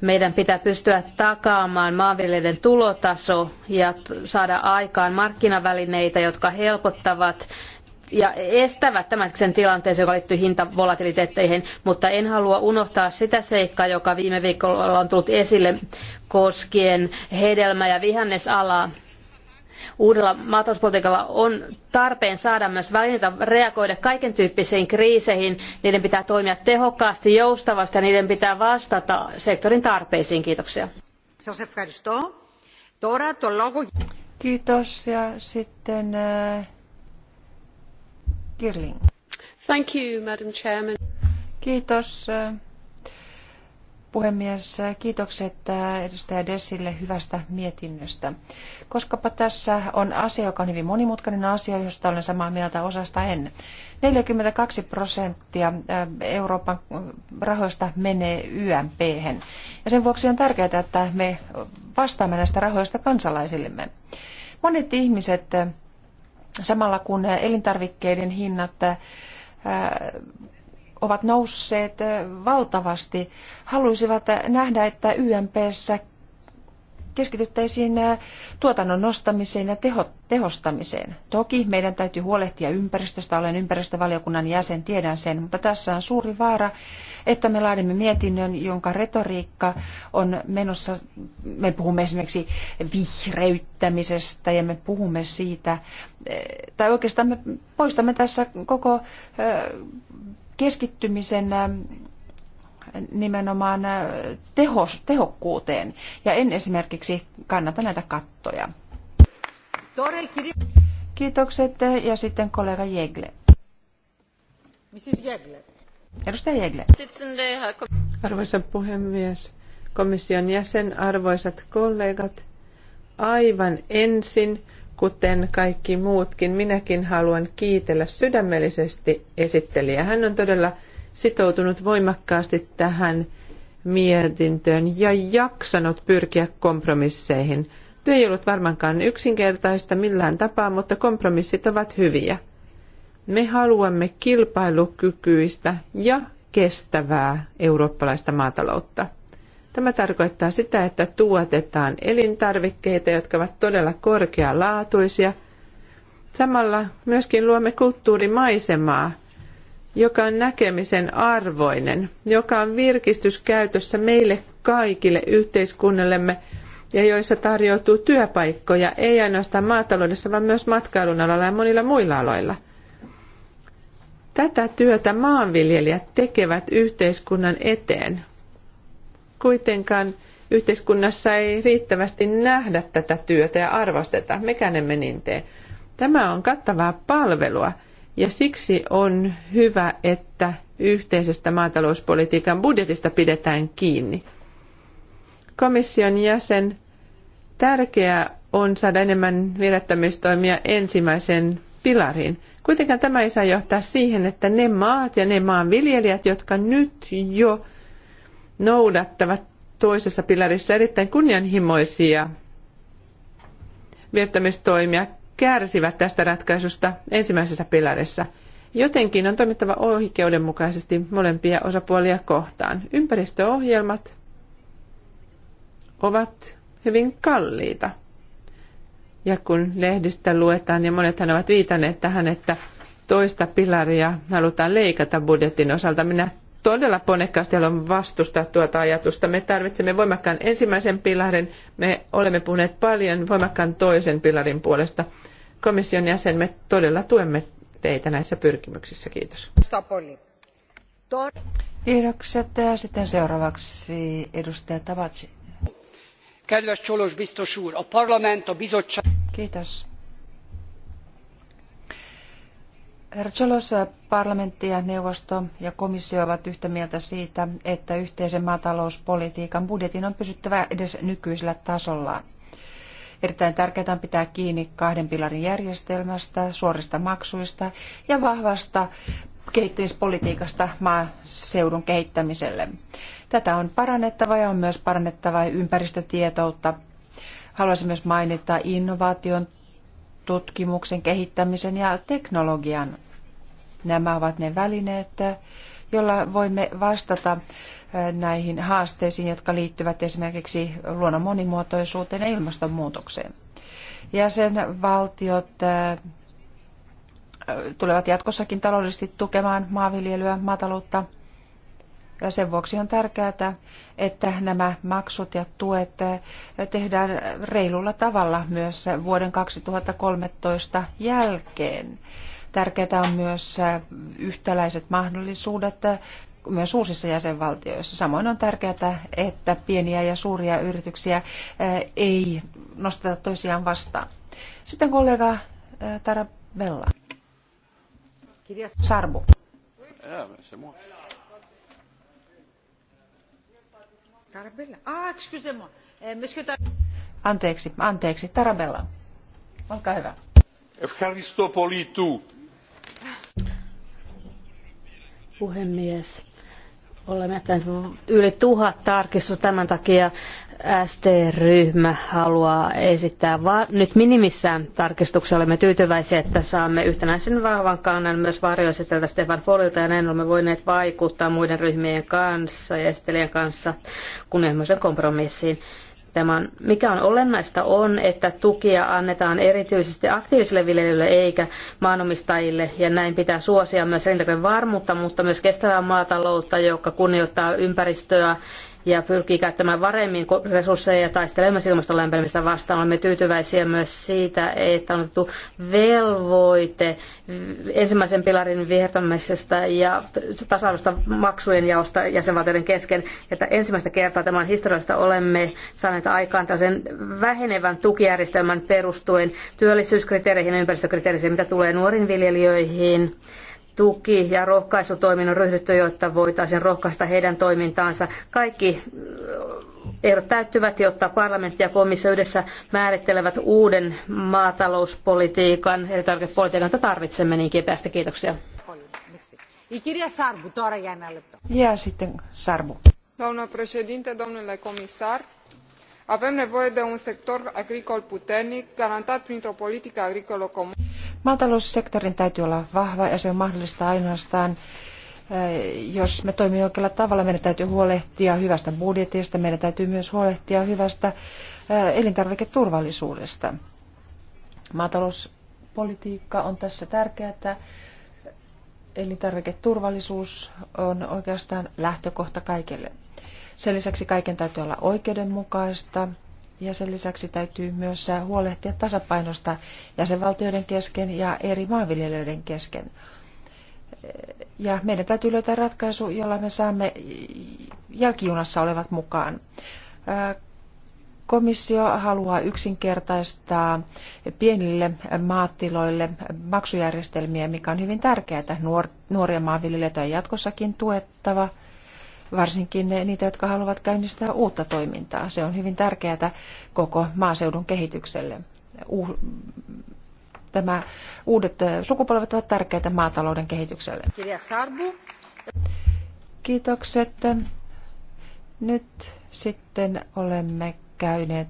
Meidän pitää pystyä takaamaan maanviljelijöiden tulotaso ja saada aikaan markkinavälineitä, jotka helpottavat ja estävät tämän tilanteen, joka liittyy hintavolatiliteetteihin, mutta en halua unohtaa sitä seikkaa, joka viime viikolla on tullut esille koskien hedelmä- ja vihannesalaa Uudella maatalouspolitiikalla on tarpeen saada myös välineitä reagoida kaiken tyyppisiin kriiseihin. Niiden pitää toimia tehokkaasti, joustavasti ja niiden pitää vastata sektorin tarpeisiin. Kiitoksia. Kiitos ja sitten äh, Girling. Thank you, Madam Chairman. Kiitos äh, puhemies. Kiitokset äh, edustaja Dessille hyvästä mietinnöstä koskapa tässä on asia, joka on hyvin monimutkainen asia, josta olen samaa mieltä osasta en. 42 prosenttia äh, Euroopan äh, rahoista menee YMP. hen. Ja sen vuoksi on tärkeää, että me vastaamme näistä rahoista kansalaisillemme. Monet ihmiset, äh, samalla kun elintarvikkeiden hinnat ovat nousseet valtavasti, haluaisivat nähdä, että YMPssä keskityttäisiin tuotannon nostamiseen ja teho, tehostamiseen. Toki meidän täytyy huolehtia ympäristöstä, olen ympäristövaliokunnan jäsen, tiedän sen, mutta tässä on suuri vaara, että me laadimme mietinnön, jonka retoriikka on menossa, me puhumme esimerkiksi vihreyttämisestä ja me puhumme siitä, tai oikeastaan me poistamme tässä koko keskittymisen nimenomaan äh, tehos, tehokkuuteen. Ja en esimerkiksi kannata näitä kattoja. Kiitokset äh, ja sitten kollega Jegle. Mrs. Jegle. Edustaja Jegle. Arvoisa puhemies, komission jäsen, arvoisat kollegat, aivan ensin, kuten kaikki muutkin, minäkin haluan kiitellä sydämellisesti esittelijää. Hän on todella sitoutunut voimakkaasti tähän mietintöön ja jaksanut pyrkiä kompromisseihin. Työ ei ollut varmaankaan yksinkertaista millään tapaa, mutta kompromissit ovat hyviä. Me haluamme kilpailukykyistä ja kestävää eurooppalaista maataloutta. Tämä tarkoittaa sitä, että tuotetaan elintarvikkeita, jotka ovat todella korkealaatuisia. Samalla myöskin luomme kulttuurimaisemaa – joka on näkemisen arvoinen, joka on virkistyskäytössä meille kaikille yhteiskunnallemme ja joissa tarjoutuu työpaikkoja, ei ainoastaan maataloudessa, vaan myös matkailun alalla ja monilla muilla aloilla. Tätä työtä maanviljelijät tekevät yhteiskunnan eteen. Kuitenkaan yhteiskunnassa ei riittävästi nähdä tätä työtä ja arvosteta. Mekään emme niin tee. Tämä on kattavaa palvelua – ja siksi on hyvä, että yhteisestä maatalouspolitiikan budjetista pidetään kiinni. Komission jäsen, tärkeää on saada enemmän virittämistoimia ensimmäisen pilariin. Kuitenkaan tämä ei saa johtaa siihen, että ne maat ja ne maanviljelijät, jotka nyt jo noudattavat toisessa pilarissa erittäin kunnianhimoisia viettämistoimia kärsivät tästä ratkaisusta ensimmäisessä pilarissa. Jotenkin on toimittava oikeudenmukaisesti molempia osapuolia kohtaan. Ympäristöohjelmat ovat hyvin kalliita. Ja kun lehdistä luetaan, ja niin monethan ovat viitanneet tähän, että toista pilaria halutaan leikata budjetin osalta, minä todella ponnekkaasti haluan vastustaa tuota ajatusta. Me tarvitsemme voimakkaan ensimmäisen pilarin. Me olemme puhuneet paljon voimakkaan toisen pilarin puolesta. Komission jäsen, me todella tuemme teitä näissä pyrkimyksissä. Kiitos. Kiitokset. Sitten seuraavaksi edustaja Tavatsi. a Kiitos Herra Cholos, parlamentti ja neuvosto ja komissio ovat yhtä mieltä siitä, että yhteisen maatalouspolitiikan budjetin on pysyttävä edes nykyisellä tasollaan. Erittäin tärkeää on pitää kiinni kahden pilarin järjestelmästä, suorista maksuista ja vahvasta kehittämispolitiikasta maaseudun kehittämiselle. Tätä on parannettava ja on myös parannettava ympäristötietoutta. Haluaisin myös mainita innovaation, tutkimuksen, kehittämisen ja teknologian. Nämä ovat ne välineet, jolla voimme vastata näihin haasteisiin, jotka liittyvät esimerkiksi luonnon monimuotoisuuteen ja ilmastonmuutokseen. Jäsenvaltiot tulevat jatkossakin taloudellisesti tukemaan maanviljelyä, maataloutta. Ja sen vuoksi on tärkeää, että nämä maksut ja tuet tehdään reilulla tavalla myös vuoden 2013 jälkeen. Tärkeää on myös äh, yhtäläiset mahdollisuudet äh, myös uusissa jäsenvaltioissa. Samoin on tärkeää, että pieniä ja suuria yrityksiä äh, ei nosteta toisiaan vastaan. Sitten kollega Tarabella. Sarbu. Ah, eh, anteeksi, anteeksi, Tarabella. Olkaa hyvä. Ευχαριστώ πολύ του puhemies. Olemme jättäneet yli tuhat tarkistusta tämän takia. ST-ryhmä haluaa esittää va- nyt minimissään tarkistuksia. Olemme tyytyväisiä, että saamme yhtenäisen vahvan kannan myös varjoesiteltä Stefan Folilta ja näin olemme voineet vaikuttaa muiden ryhmien kanssa ja esittelijän kanssa kunnianhimoisen kompromissiin tämän. Mikä on olennaista on, että tukia annetaan erityisesti aktiivisille viljelijöille eikä maanomistajille ja näin pitää suosia myös varmuutta, mutta myös kestävää maataloutta, joka kunnioittaa ympäristöä ja pyrkii käyttämään varemmin resursseja ja taistelemaan ilmaston lämpenemistä vastaan. Olemme tyytyväisiä myös siitä, että on otettu velvoite ensimmäisen pilarin vihertämisestä ja tasa arvoista maksujen jaosta jäsenvaltioiden kesken. Että ensimmäistä kertaa tämän historiasta olemme saaneet aikaan tällaisen vähenevän tukijärjestelmän perustuen työllisyyskriteereihin ja ympäristökriteereihin, mitä tulee nuoriin viljelijöihin tuki- ja rohkaisutoiminnon ryhdytty, jotta voitaisiin rohkaista heidän toimintaansa. Kaikki ehdot täyttyvät, jotta parlamentti ja komissio yhdessä määrittelevät uuden maatalouspolitiikan, eli tarvitsepolitiikan, jota tarvitsemme niin kipeästi. Kiitoksia. Ja sitten Sarbu. Doamnă președinte, domnule comisar, avem nevoie de un sector agricol puternic, garantat printr-o politică agricolă comună. Maataloussektorin täytyy olla vahva ja se on mahdollista ainoastaan eh, jos me toimimme oikealla tavalla, meidän täytyy huolehtia hyvästä budjetista, meidän täytyy myös huolehtia hyvästä eh, elintarviketurvallisuudesta. Maatalouspolitiikka on tässä tärkeää, että elintarviketurvallisuus on oikeastaan lähtökohta kaikille. Sen lisäksi kaiken täytyy olla oikeudenmukaista, ja sen lisäksi täytyy myös huolehtia tasapainosta jäsenvaltioiden kesken ja eri maanviljelijöiden kesken. Ja meidän täytyy löytää ratkaisu, jolla me saamme jälkijunassa olevat mukaan. Komissio haluaa yksinkertaistaa pienille maatiloille maksujärjestelmiä, mikä on hyvin tärkeää. nuoria maanviljelijöitä on jatkossakin tuettava – varsinkin ne, niitä, jotka haluavat käynnistää uutta toimintaa. Se on hyvin tärkeää koko maaseudun kehitykselle. Uh, tämä uudet sukupolvet ovat tärkeitä maatalouden kehitykselle. Kiitokset. Nyt sitten olemme käyneet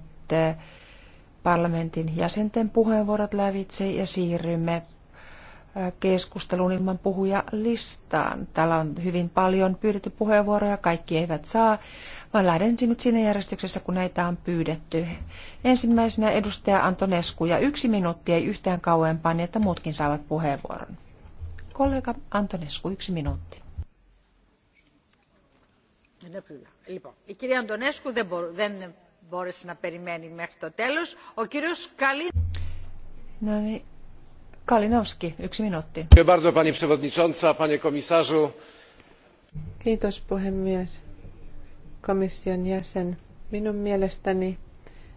parlamentin jäsenten puheenvuorot lävitse ja siirrymme keskustelun ilman puhujalistaan. Täällä on hyvin paljon pyydetty puheenvuoroja, kaikki eivät saa, vaan lähden nyt siinä järjestyksessä, kun näitä on pyydetty. Ensimmäisenä edustaja Antonescu ja yksi minuutti ei yhtään kauempaa, niin että muutkin saavat puheenvuoron. Kollega Antonescu, yksi minuutti. No niin, pani przewodnicząca, panie komisarzu. Kiitos puhemies, komission jäsen. Minun mielestäni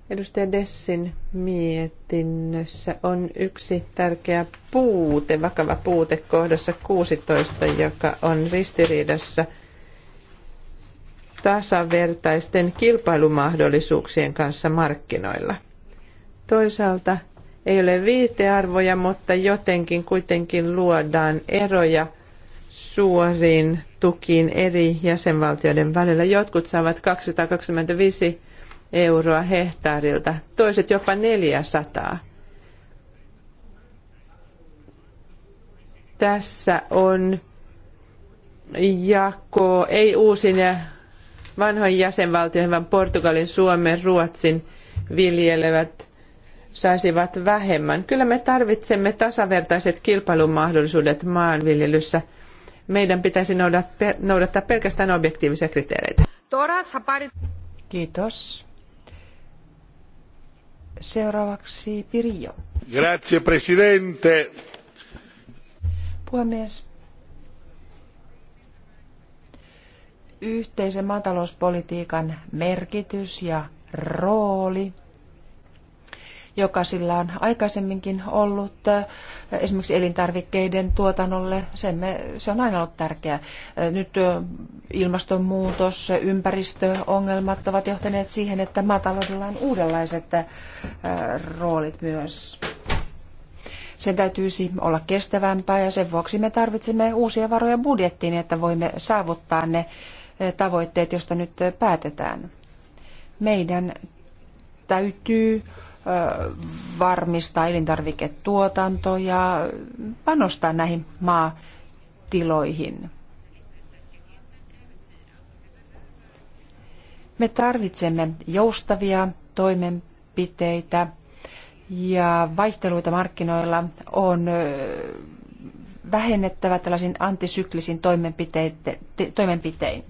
edustaja Dessin mietinnössä on yksi tärkeä puute, vakava puute kohdassa kuusitoista joka on ristiriidassa tasavertaisten kilpailumahdollisuuksien kanssa markkinoilla. Toisaalta ei ole viitearvoja, mutta jotenkin kuitenkin luodaan eroja suoriin tukiin eri jäsenvaltioiden välillä. Jotkut saavat 225 euroa hehtaarilta, toiset jopa 400. Tässä on jako ei uusin ja vanhojen jäsenvaltioihin, vaan Portugalin, Suomen, Ruotsin viljelevät saisivat vähemmän. Kyllä me tarvitsemme tasavertaiset kilpailumahdollisuudet maanviljelyssä. Meidän pitäisi noudattaa pelkästään objektiivisia kriteereitä. Kiitos. Seuraavaksi Pirjo. Grazie, presidente. Puhemies. Yhteisen maatalouspolitiikan merkitys ja rooli – joka sillä on aikaisemminkin ollut äh, esimerkiksi elintarvikkeiden tuotannolle. se on aina ollut tärkeää. Äh, nyt äh, ilmastonmuutos, ympäristöongelmat ovat johtaneet siihen, että maataloudella on uudenlaiset roolit myös. Sen täytyisi olla kestävämpää ja sen vuoksi me tarvitsemme uusia varoja budjettiin, että voimme saavuttaa ne tavoitteet, joista nyt päätetään. Meidän täytyy varmistaa elintarviketuotanto ja panostaa näihin maatiloihin. Me tarvitsemme joustavia toimenpiteitä ja vaihteluita markkinoilla on vähennettävä tällaisin antisyklisin toimenpitein.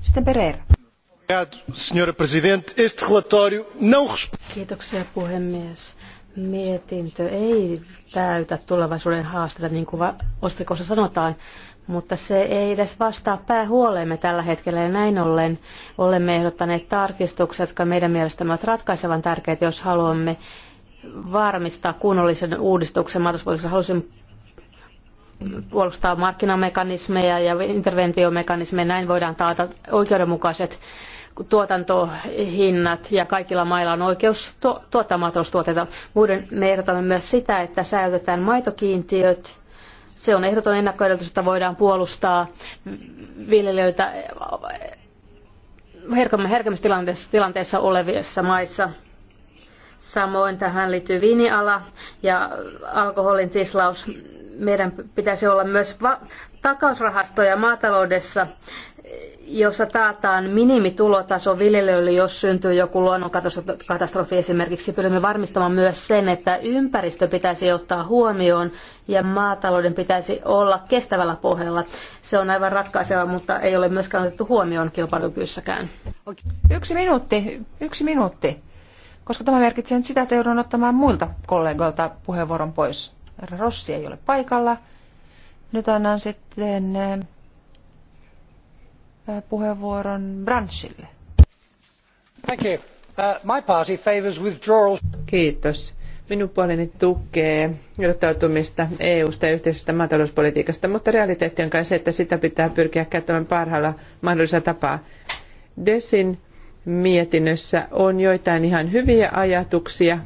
Sitten Pereira Kiitoksia puhemies. Mietintö ei täytä tulevaisuuden haasteita, niin kuin ostikossa sanotaan, mutta se ei edes vastaa päähuoleemme tällä hetkellä. Ja näin ollen olemme ehdottaneet tarkistuksia, jotka meidän mielestämme ovat ratkaisevan tärkeitä, jos haluamme varmistaa kunnollisen uudistuksen maatalouspolitiikassa. Halusin puolustaa markkinamekanismeja ja interventiomekanismeja. Näin voidaan taata oikeudenmukaiset tuotantohinnat ja kaikilla mailla on oikeus to- tuottaa maataloustuotteita. Muuten me ehdotamme myös sitä, että säilytetään maitokiintiöt. Se on ehdoton ennakkoedellytys, että voidaan puolustaa viljelijöitä eh, herkemmissä tilanteessa, tilanteessa olevissa maissa. Samoin tähän liittyy viiniala ja alkoholin tislaus. Meidän pitäisi olla myös takausrahastoja maataloudessa jossa taataan minimitulotaso viljelijöille, jos syntyy joku luonnonkatastrofi esimerkiksi. Pyrimme varmistamaan myös sen, että ympäristö pitäisi ottaa huomioon ja maatalouden pitäisi olla kestävällä pohjalla. Se on aivan ratkaiseva, mutta ei ole myöskään otettu huomioon kilpailukyyssäkään. Yksi minuutti, yksi minuutti. Koska tämä merkitsee nyt sitä, että joudun ottamaan muilta kollegoilta puheenvuoron pois. Rossi ei ole paikalla. Nyt annan sitten eh, puheenvuoron Branchille. Thank you. Uh, my party favors withdrawal. Kiitos. Minun puoleni tukee irtautumista EU-sta ja yhteisestä maatalouspolitiikasta, mutta realiteetti on kai se, että sitä pitää pyrkiä käyttämään parhaalla mahdollisella tapaa. Desin mietinnössä on joitain ihan hyviä ajatuksia.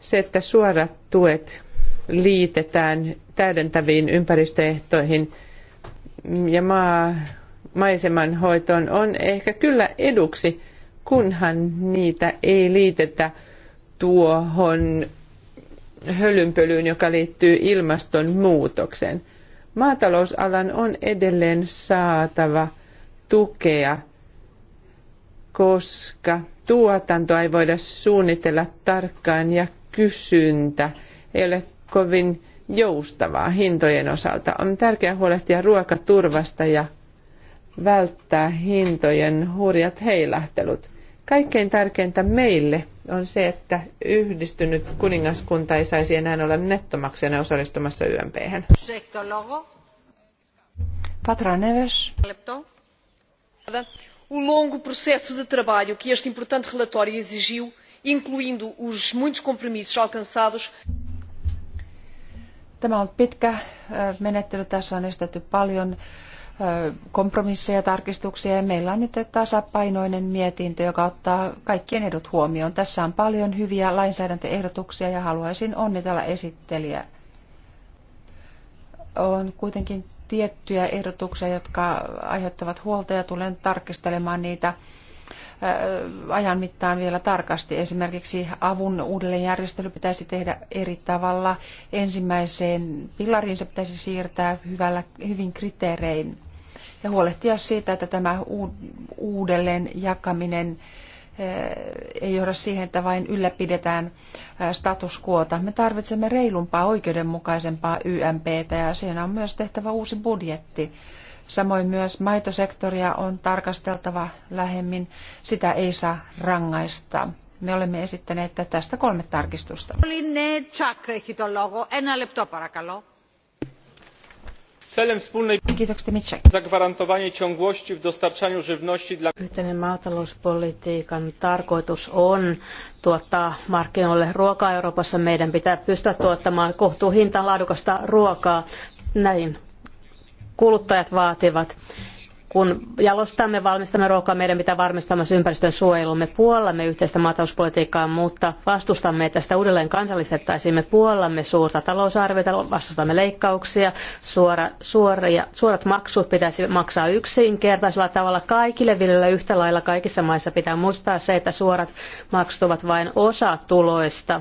Se, että suorat tuet liitetään täydentäviin ympäristöehtoihin ja maa maisemanhoitoon on ehkä kyllä eduksi, kunhan niitä ei liitetä tuohon hölynpölyyn, joka liittyy ilmastonmuutokseen. Maatalousalan on edelleen saatava tukea, koska tuotantoa ei voida suunnitella tarkkaan ja kysyntä ei ole kovin joustavaa hintojen osalta. On tärkeää huolehtia ruokaturvasta ja välttää hintojen hurjat heilahtelut. Kaikkein tärkeintä meille on se, että yhdistynyt kuningaskunta ei saisi enää olla nettomaksena osallistumassa ymp Patra Neves. O longo processo de trabalho que este importante relatório exigiu, incluindo os muitos compromissos alcançados. Tämä on pitkä menettely. Tässä on estetty paljon kompromisseja ja tarkistuksia ja meillä on nyt tasapainoinen mietintö, joka ottaa kaikkien edut huomioon. Tässä on paljon hyviä lainsäädäntöehdotuksia ja haluaisin onnitella esittelijää. On kuitenkin tiettyjä ehdotuksia, jotka aiheuttavat huolta ja tulen tarkistelemaan niitä ajan mittaan vielä tarkasti. Esimerkiksi avun uudelleenjärjestely pitäisi tehdä eri tavalla. Ensimmäiseen pilariin se pitäisi siirtää hyvällä, hyvin kriteerein ja huolehtia siitä, että tämä uudelleen jakaminen eh, ei johda siihen, että vain ylläpidetään eh, status quota. Me tarvitsemme reilumpaa, oikeudenmukaisempaa YMPtä ja siinä on myös tehtävä uusi budjetti. Samoin myös maitosektoria on tarkasteltava lähemmin. Sitä ei saa rangaista. Me olemme esittäneet tästä kolme tarkistusta. Linne Chak, logo. Ένα λεπτό Celem wspólnej zagwarantowanie ciągłości w dostarczaniu żywności dla... Yhteinen maatalouspolitiikan tarkoitus on tuottaa markkinoille ruokaa Euroopassa. Meidän pitää pystyä tuottamaan kohtuuhintaan laadukasta ruokaa. Näin kuluttajat vaativat kun jalostamme, valmistamme ruokaa, meidän pitää varmistaa myös ympäristön suojelu. Me puollamme yhteistä maatalouspolitiikkaa, mutta vastustamme, että sitä uudelleen kansallistettaisiin. Me puollamme suurta talousarviota, vastustamme leikkauksia, suora, suoria, suorat maksut pitäisi maksaa yksinkertaisella tavalla kaikille viljelijöille yhtä lailla kaikissa maissa. Pitää muistaa se, että suorat maksut ovat vain osa tuloista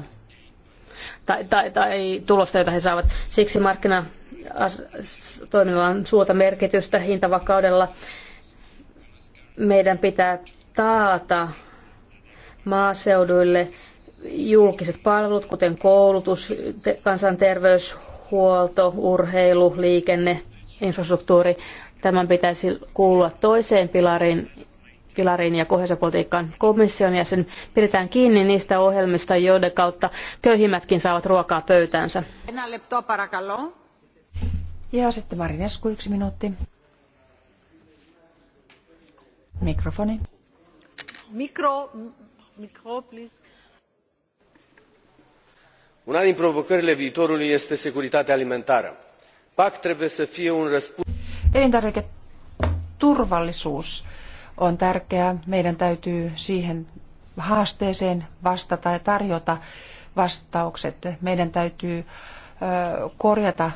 tai, tai, tai tulosta, jota he saavat. Siksi markkina toimivan on merkitystä hintavakaudella. Meidän pitää taata maaseuduille julkiset palvelut, kuten koulutus, kansanterveyshuolto, urheilu, liikenne, infrastruktuuri. Tämän pitäisi kuulua toiseen pilariin, pilariin ja kohesopolitiikan komission ja sen pidetään kiinni niistä ohjelmista, joiden kautta köyhimmätkin saavat ruokaa pöytäänsä. Ja sitten Marinesku, yksi minuutti. Mikrofoni. Micro, please. Una din provocările viitorului este securitatea alimentară. PAC trebuie să fie un răspuns. on tärkeä. Meidän täytyy siihen haasteeseen vastata ja tarjota vastaukset. Meidän täytyy korjata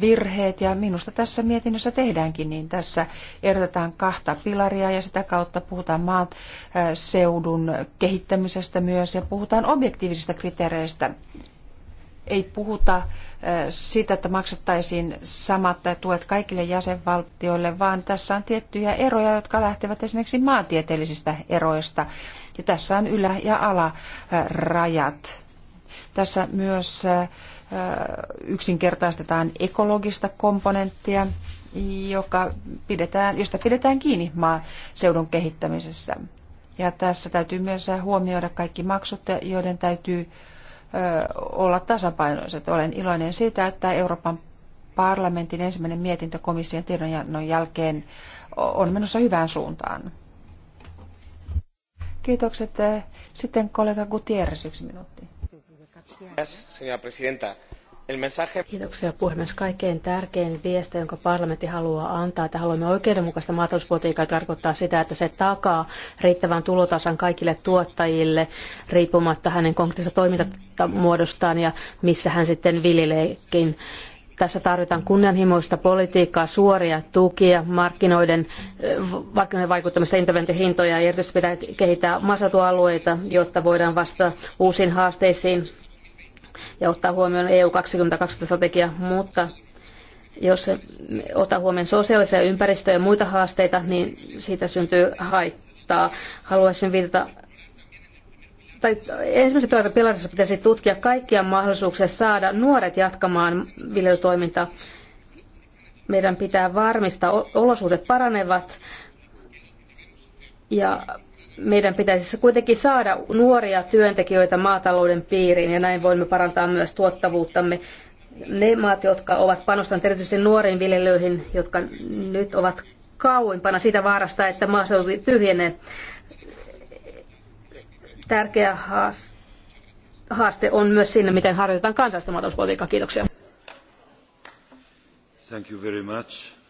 virheet ja minusta tässä mietinnössä tehdäänkin niin. Tässä erotetaan kahta pilaria ja sitä kautta puhutaan maaseudun kehittämisestä myös ja puhutaan objektiivisista kriteereistä. Ei puhuta sitä, että maksettaisiin samat tuet kaikille jäsenvaltioille, vaan tässä on tiettyjä eroja, jotka lähtevät esimerkiksi maantieteellisistä eroista. Ja tässä on ylä- ja alarajat. Tässä myös yksinkertaistetaan ekologista komponenttia, joka pidetään, josta pidetään kiinni maaseudun kehittämisessä. Ja tässä täytyy myös huomioida kaikki maksut, joiden täytyy olla tasapainoiset. Olen iloinen siitä, että Euroopan parlamentin ensimmäinen mietintö komission tiedonannon jälkeen on menossa hyvään suuntaan. Kiitokset. Sitten kollega Gutierrez, yksi minuutti. Kiitoksia puhemies. Kaikkein tärkein viesti, jonka parlamentti haluaa antaa, että haluamme oikeudenmukaista maatalouspolitiikkaa, tarkoittaa sitä, että se takaa riittävän tulotasan kaikille tuottajille riippumatta hänen konkreettisesta toimintamuodostaan ja missä hän sitten viljeleekin. Tässä tarvitaan kunnianhimoista politiikkaa, suoria tukia, markkinoiden, markkinoiden vaikuttamista, interventiohintoja ja erityisesti pitää kehittää maaseutualueita, jotta voidaan vastata uusiin haasteisiin ja ottaa huomioon EU 2020 strategia, mutta jos ottaa huomioon sosiaalisia ympäristöjä ja muita haasteita, niin siitä syntyy haittaa. Haluaisin viitata tai ensimmäisen pilarissa pitäisi tutkia kaikkia mahdollisuuksia saada nuoret jatkamaan viljelytoimintaa. Meidän pitää varmistaa, olosuhteet paranevat ja meidän pitäisi kuitenkin saada nuoria työntekijöitä maatalouden piiriin ja näin voimme parantaa myös tuottavuuttamme. Ne maat, jotka ovat panostaneet erityisesti nuoriin viljelijöihin, jotka nyt ovat kauimpana siitä vaarasta, että maaseutu tyhjenee. Tärkeä haaste on myös siinä, miten harjoitetaan kansallista maatalouspolitiikkaa. Kiitoksia. Thank you very much.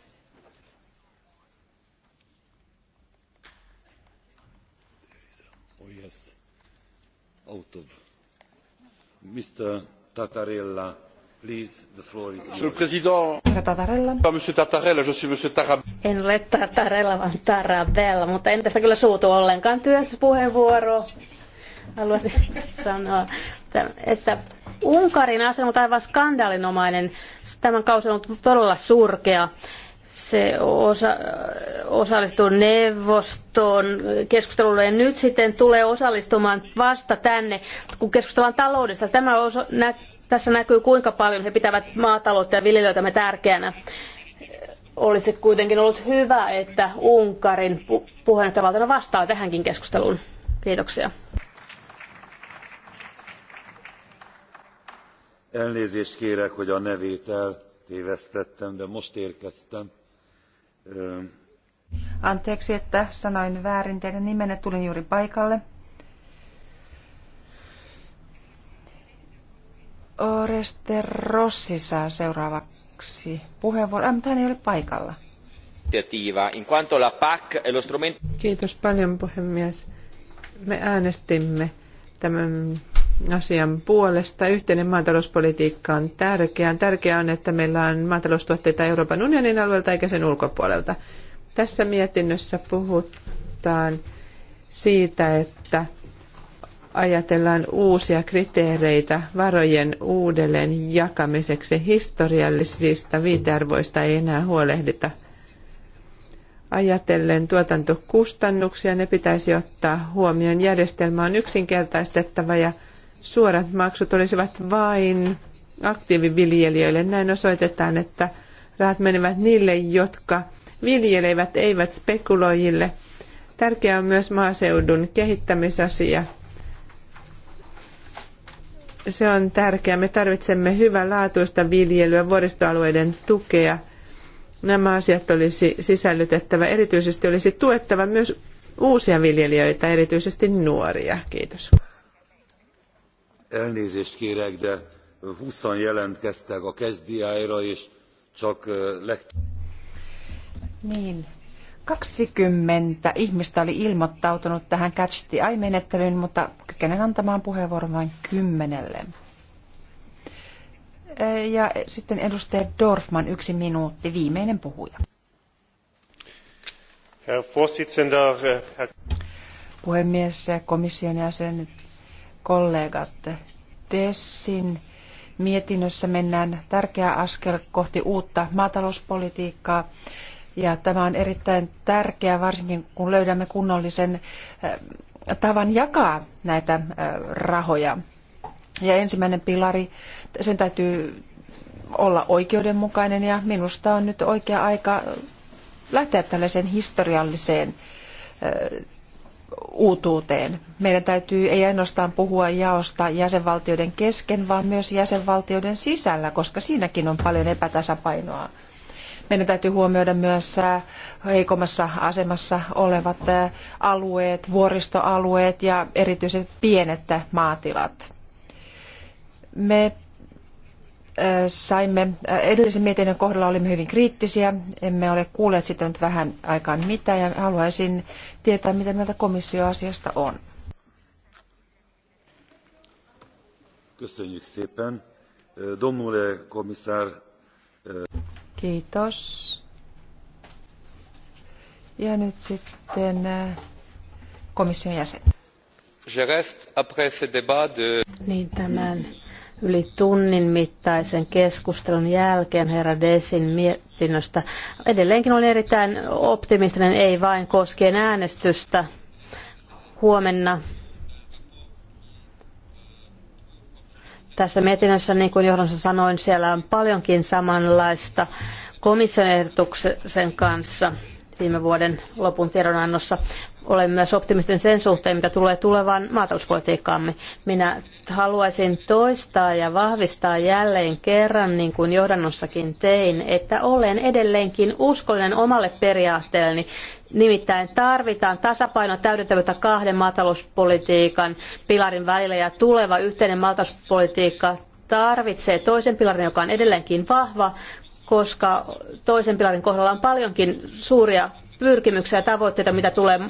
Mr. Tatarella, Monsieur le Président, Tatarella. pas Monsieur Tatarella, je suis Monsieur Tarabella. En ole Tatarella, vaan Tarabella, mutta en tästä kyllä suutu ollenkaan työssä puheenvuoro. Haluaisin sanoa, että Unkarin asema on aivan skandaalinomainen. Tämän kausi on ollut todella surkea se osa, osallistuu neuvostoon keskustelulle ja nyt sitten tulee osallistumaan vasta tänne, kun keskustellaan taloudesta. Tämä osa, nä, tässä näkyy, kuinka paljon he pitävät maataloutta ja me tärkeänä. Olisi kuitenkin ollut hyvä, että Unkarin pu- puheenjohtajavaltiona vastaa tähänkin keskusteluun. Kiitoksia. Elnézést kérek, hogy a nevét eltévesztettem, de most érkeztem. Anteeksi, että sanoin väärin teidän nimenne. Tulin juuri paikalle. Oreste Rossi saa seuraavaksi Puheenvuoro. Äh, mutta hän ei ole paikalla. Kiitos paljon puhemies. Me äänestimme tämän asian puolesta. Yhteinen maatalouspolitiikka on tärkeää. Tärkeää on, että meillä on maataloustuotteita Euroopan unionin alueelta eikä sen ulkopuolelta. Tässä mietinnössä puhutaan siitä, että ajatellaan uusia kriteereitä varojen uudelleen jakamiseksi. Historiallisista viitearvoista ei enää huolehdita. Ajatellen tuotantokustannuksia ne pitäisi ottaa huomioon. Järjestelmä on yksinkertaistettava ja suorat maksut olisivat vain aktiiviviljelijöille. Näin osoitetaan, että rahat menevät niille, jotka viljelevät, eivät spekuloijille. Tärkeää on myös maaseudun kehittämisasia. Se on tärkeää. Me tarvitsemme hyvää laatuista viljelyä, vuoristoalueiden tukea. Nämä asiat olisi sisällytettävä. Erityisesti olisi tuettava myös uusia viljelijöitä, erityisesti nuoria. Kiitos elnézést kérek de húszan jelentkeztek a catch ra és csak leg... Niin. 20 ihmistä oli ilmoittautunut tähän Catch the Eye-menettelyyn, mutta kykenen antamaan puheenvuoron vain kymmenelle. E, ja sitten edustaja Dorfman, yksi minuutti, viimeinen puhuja. Herr Puhemies, komission jäsen, kollegat. Tessin mietinnössä mennään tärkeä askel kohti uutta maatalouspolitiikkaa. Ja tämä on erittäin tärkeää, varsinkin kun löydämme kunnollisen eh, tavan jakaa näitä eh, rahoja. Ja ensimmäinen pilari, sen täytyy olla oikeudenmukainen ja minusta on nyt oikea aika lähteä tällaiseen historialliseen eh, uutuuteen. Meidän täytyy ei ainoastaan puhua jaosta jäsenvaltioiden kesken, vaan myös jäsenvaltioiden sisällä, koska siinäkin on paljon epätasapainoa. Meidän täytyy huomioida myös äh, heikommassa asemassa olevat äh, alueet, vuoristoalueet ja erityisen pienet maatilat. Me saimme, edellisen mietinnön kohdalla olimme hyvin kriittisiä, emme ole kuulleet sitä nyt vähän aikaan mitään ja haluaisin tietää, mitä mieltä komissio asiasta on. Kiitos. Ja nyt sitten komission jäsen. Niin tämän Yli tunnin mittaisen keskustelun jälkeen herra Desin mietinnöstä edelleenkin olen erittäin optimistinen, ei vain koskien äänestystä huomenna tässä mietinnössä, niin kuin johdossa sanoin, siellä on paljonkin samanlaista komission ehdotuksen kanssa viime vuoden lopun tiedonannossa olen myös optimistinen sen suhteen, mitä tulee tulevaan maatalouspolitiikkaamme. Minä haluaisin toistaa ja vahvistaa jälleen kerran, niin kuin johdannossakin tein, että olen edelleenkin uskollinen omalle periaatteelleni. Nimittäin tarvitaan tasapaino täydentävyyttä kahden maatalouspolitiikan pilarin välillä ja tuleva yhteinen maatalouspolitiikka tarvitsee toisen pilarin, joka on edelleenkin vahva, koska toisen pilarin kohdalla on paljonkin suuria pyrkimyksiä ja tavoitteita, mitä tulee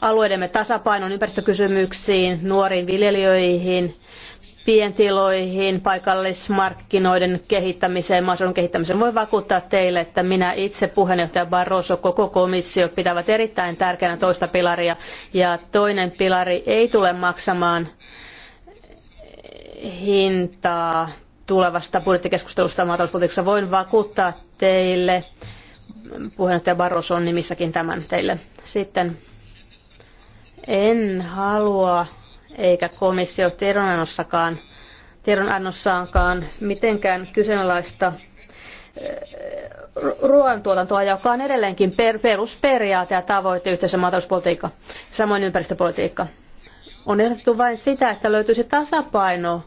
alueidemme tasapainon ympäristökysymyksiin, nuoriin viljelijöihin, pientiloihin, paikallismarkkinoiden kehittämiseen, maaseudun kehittämiseen. Voin vakuuttaa teille, että minä itse, puheenjohtaja Barroso, koko komissio pitävät erittäin tärkeänä toista pilaria. Ja toinen pilari ei tule maksamaan hintaa tulevasta budjettikeskustelusta maatalouspolitiikassa. Voin vakuuttaa teille, puheenjohtaja Barroso on nimissäkin tämän teille. Sitten en halua, eikä komissio tiedonannossakaan, tiedonannossaankaan mitenkään kyseenalaista eh, ruoantuotantoa, joka on edelleenkin per, perusperiaate ja tavoite yhteisen maatalouspolitiikka, samoin ympäristöpolitiikka. On ehdotettu vain sitä, että löytyisi tasapaino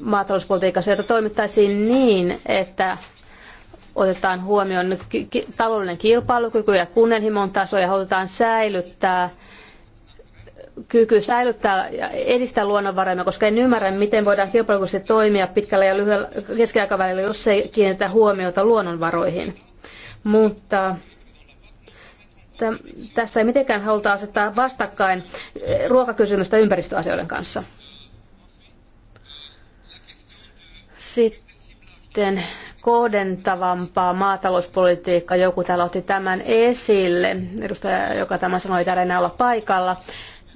maatalouspolitiikassa, jota toimittaisiin niin, että otetaan huomioon taloudellinen kilpailukyky ja kunnianhimon taso ja halutaan säilyttää kyky säilyttää ja edistää luonnonvaroja, koska en ymmärrä, miten voidaan kilpailukykyisesti toimia pitkällä ja lyhyellä keskiaikavälillä, jos ei kiinnitä huomiota luonnonvaroihin. Mutta tässä ei mitenkään haluta asettaa vastakkain eh, ruokakysymystä ympäristöasioiden kanssa. Sitten kohdentavampaa maatalouspolitiikkaa. Joku täällä otti tämän esille, edustaja, joka tämän sanoi, ei enää olla paikalla.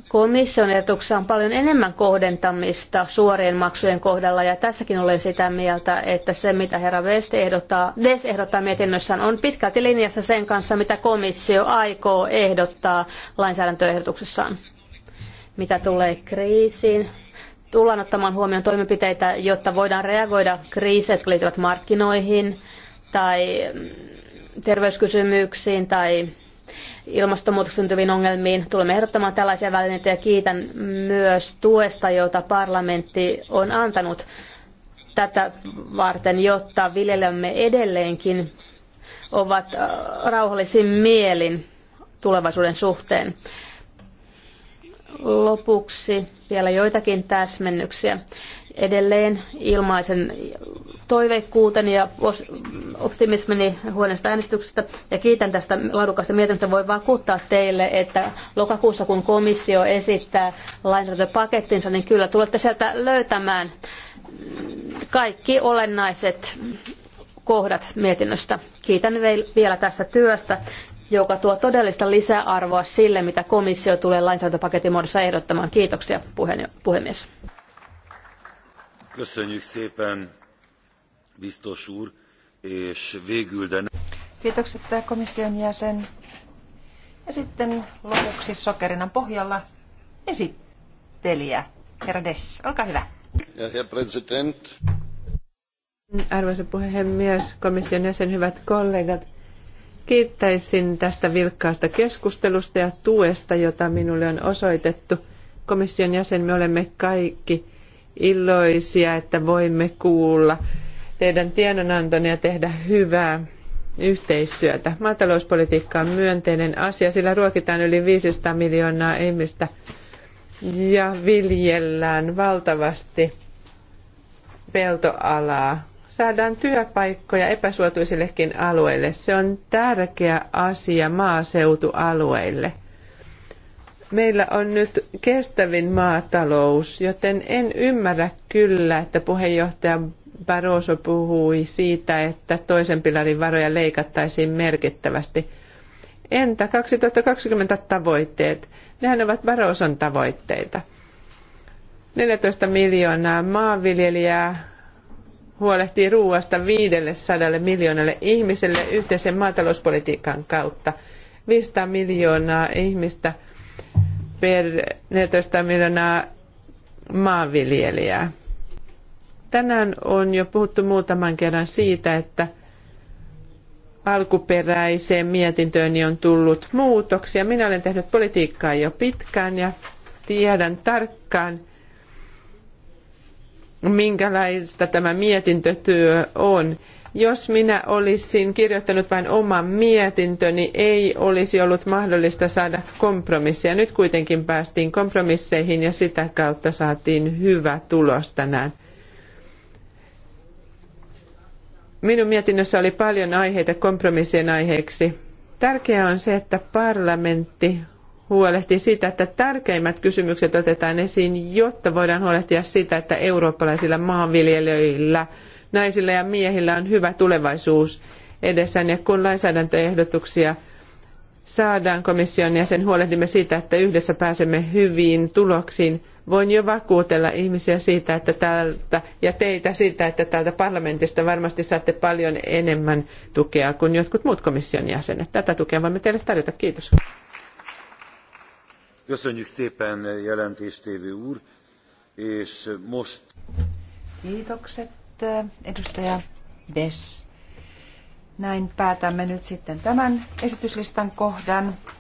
Komission ehdotuksessa on paljon enemmän kohdentamista suorien maksujen kohdalla ja tässäkin olen sitä mieltä, että se mitä herra West ehdottaa, ehdottaa mietinnössään on pitkälti linjassa sen kanssa, mitä komissio aikoo ehdottaa lainsäädäntöehdotuksessaan. Mitä tulee kriisiin, tullaan ottamaan huomioon toimenpiteitä, jotta voidaan reagoida kriiseihin, jotka liittyvät markkinoihin tai mm, terveyskysymyksiin tai ilmastonmuutoksen syntyviin ongelmiin. Tulemme ehdottamaan tällaisia välineitä ja kiitän myös tuesta, jota parlamentti on antanut tätä varten, jotta viljelijämme edelleenkin ovat äh, rauhallisin mielin tulevaisuuden suhteen. Lopuksi vielä joitakin täsmennyksiä. Edelleen ilmaisen toiveikkuuteni ja optimismini huoneesta äänestyksestä ja kiitän tästä laadukasta mietintöä. Voi vakuuttaa teille, että lokakuussa kun komissio esittää lainsäädäntöpakettinsa, niin kyllä tulette sieltä löytämään kaikki olennaiset kohdat mietinnöstä. Kiitän vielä tästä työstä joka tuo todellista lisäarvoa sille, mitä komissio tulee lainsäädäntöpaketin muodossa ehdottamaan. Kiitoksia puhemies. Kiitokset komission jäsen. Ja sitten lopuksi sokerinan pohjalla esittelijä, herra Dess. Olkaa hyvä. Ja herra president. Arvoisa puhemies, komission jäsen, hyvät kollegat. Kiittäisin tästä vilkkaasta keskustelusta ja tuesta, jota minulle on osoitettu. Komission jäsen, me olemme kaikki iloisia, että voimme kuulla teidän tiedonantonne ja tehdä hyvää yhteistyötä. Maatalouspolitiikka on myönteinen asia, sillä ruokitaan yli 500 miljoonaa ihmistä ja viljellään valtavasti peltoalaa saadaan työpaikkoja epäsuotuisillekin alueille. Se on tärkeä asia maaseutualueille. Meillä on nyt kestävin maatalous, joten en ymmärrä kyllä, että puheenjohtaja Barroso puhui siitä, että toisen pilarin varoja leikattaisiin merkittävästi. Entä 2020 tavoitteet? Nehän ovat Barroson tavoitteita. 14 miljoonaa maanviljelijää huolehtii ruoasta 500 miljoonalle ihmiselle yhteisen maatalouspolitiikan kautta. 500 miljoonaa ihmistä per 14 miljoonaa maanviljelijää. Tänään on jo puhuttu muutaman kerran siitä, että alkuperäiseen mietintöön on tullut muutoksia. Minä olen tehnyt politiikkaa jo pitkään ja tiedän tarkkaan, minkälaista tämä mietintötyö on. Jos minä olisin kirjoittanut vain oman mietintöni, ei olisi ollut mahdollista saada kompromissia. Nyt kuitenkin päästiin kompromisseihin ja sitä kautta saatiin hyvä tulos tänään. Minun mietinnössä oli paljon aiheita kompromissien aiheeksi. Tärkeää on se, että parlamentti huolehtii siitä, että tärkeimmät kysymykset otetaan esiin, jotta voidaan huolehtia siitä, että eurooppalaisilla maanviljelijöillä, naisilla ja miehillä on hyvä tulevaisuus edessään. Ja kun lainsäädäntöehdotuksia saadaan komission jäsen, huolehdimme siitä, että yhdessä pääsemme hyviin tuloksiin. Voin jo vakuutella ihmisiä siitä, että täältä, ja teitä siitä, että täältä parlamentista varmasti saatte paljon enemmän tukea kuin jotkut muut komission jäsenet. Tätä tukea voimme teille tarjota. Kiitos. Köszönjük szépen, jelentéstévő úr, és most... Kiitokset, edustaja Bess. Näin päätämme nyt sitten tämän esityslistan kohdan.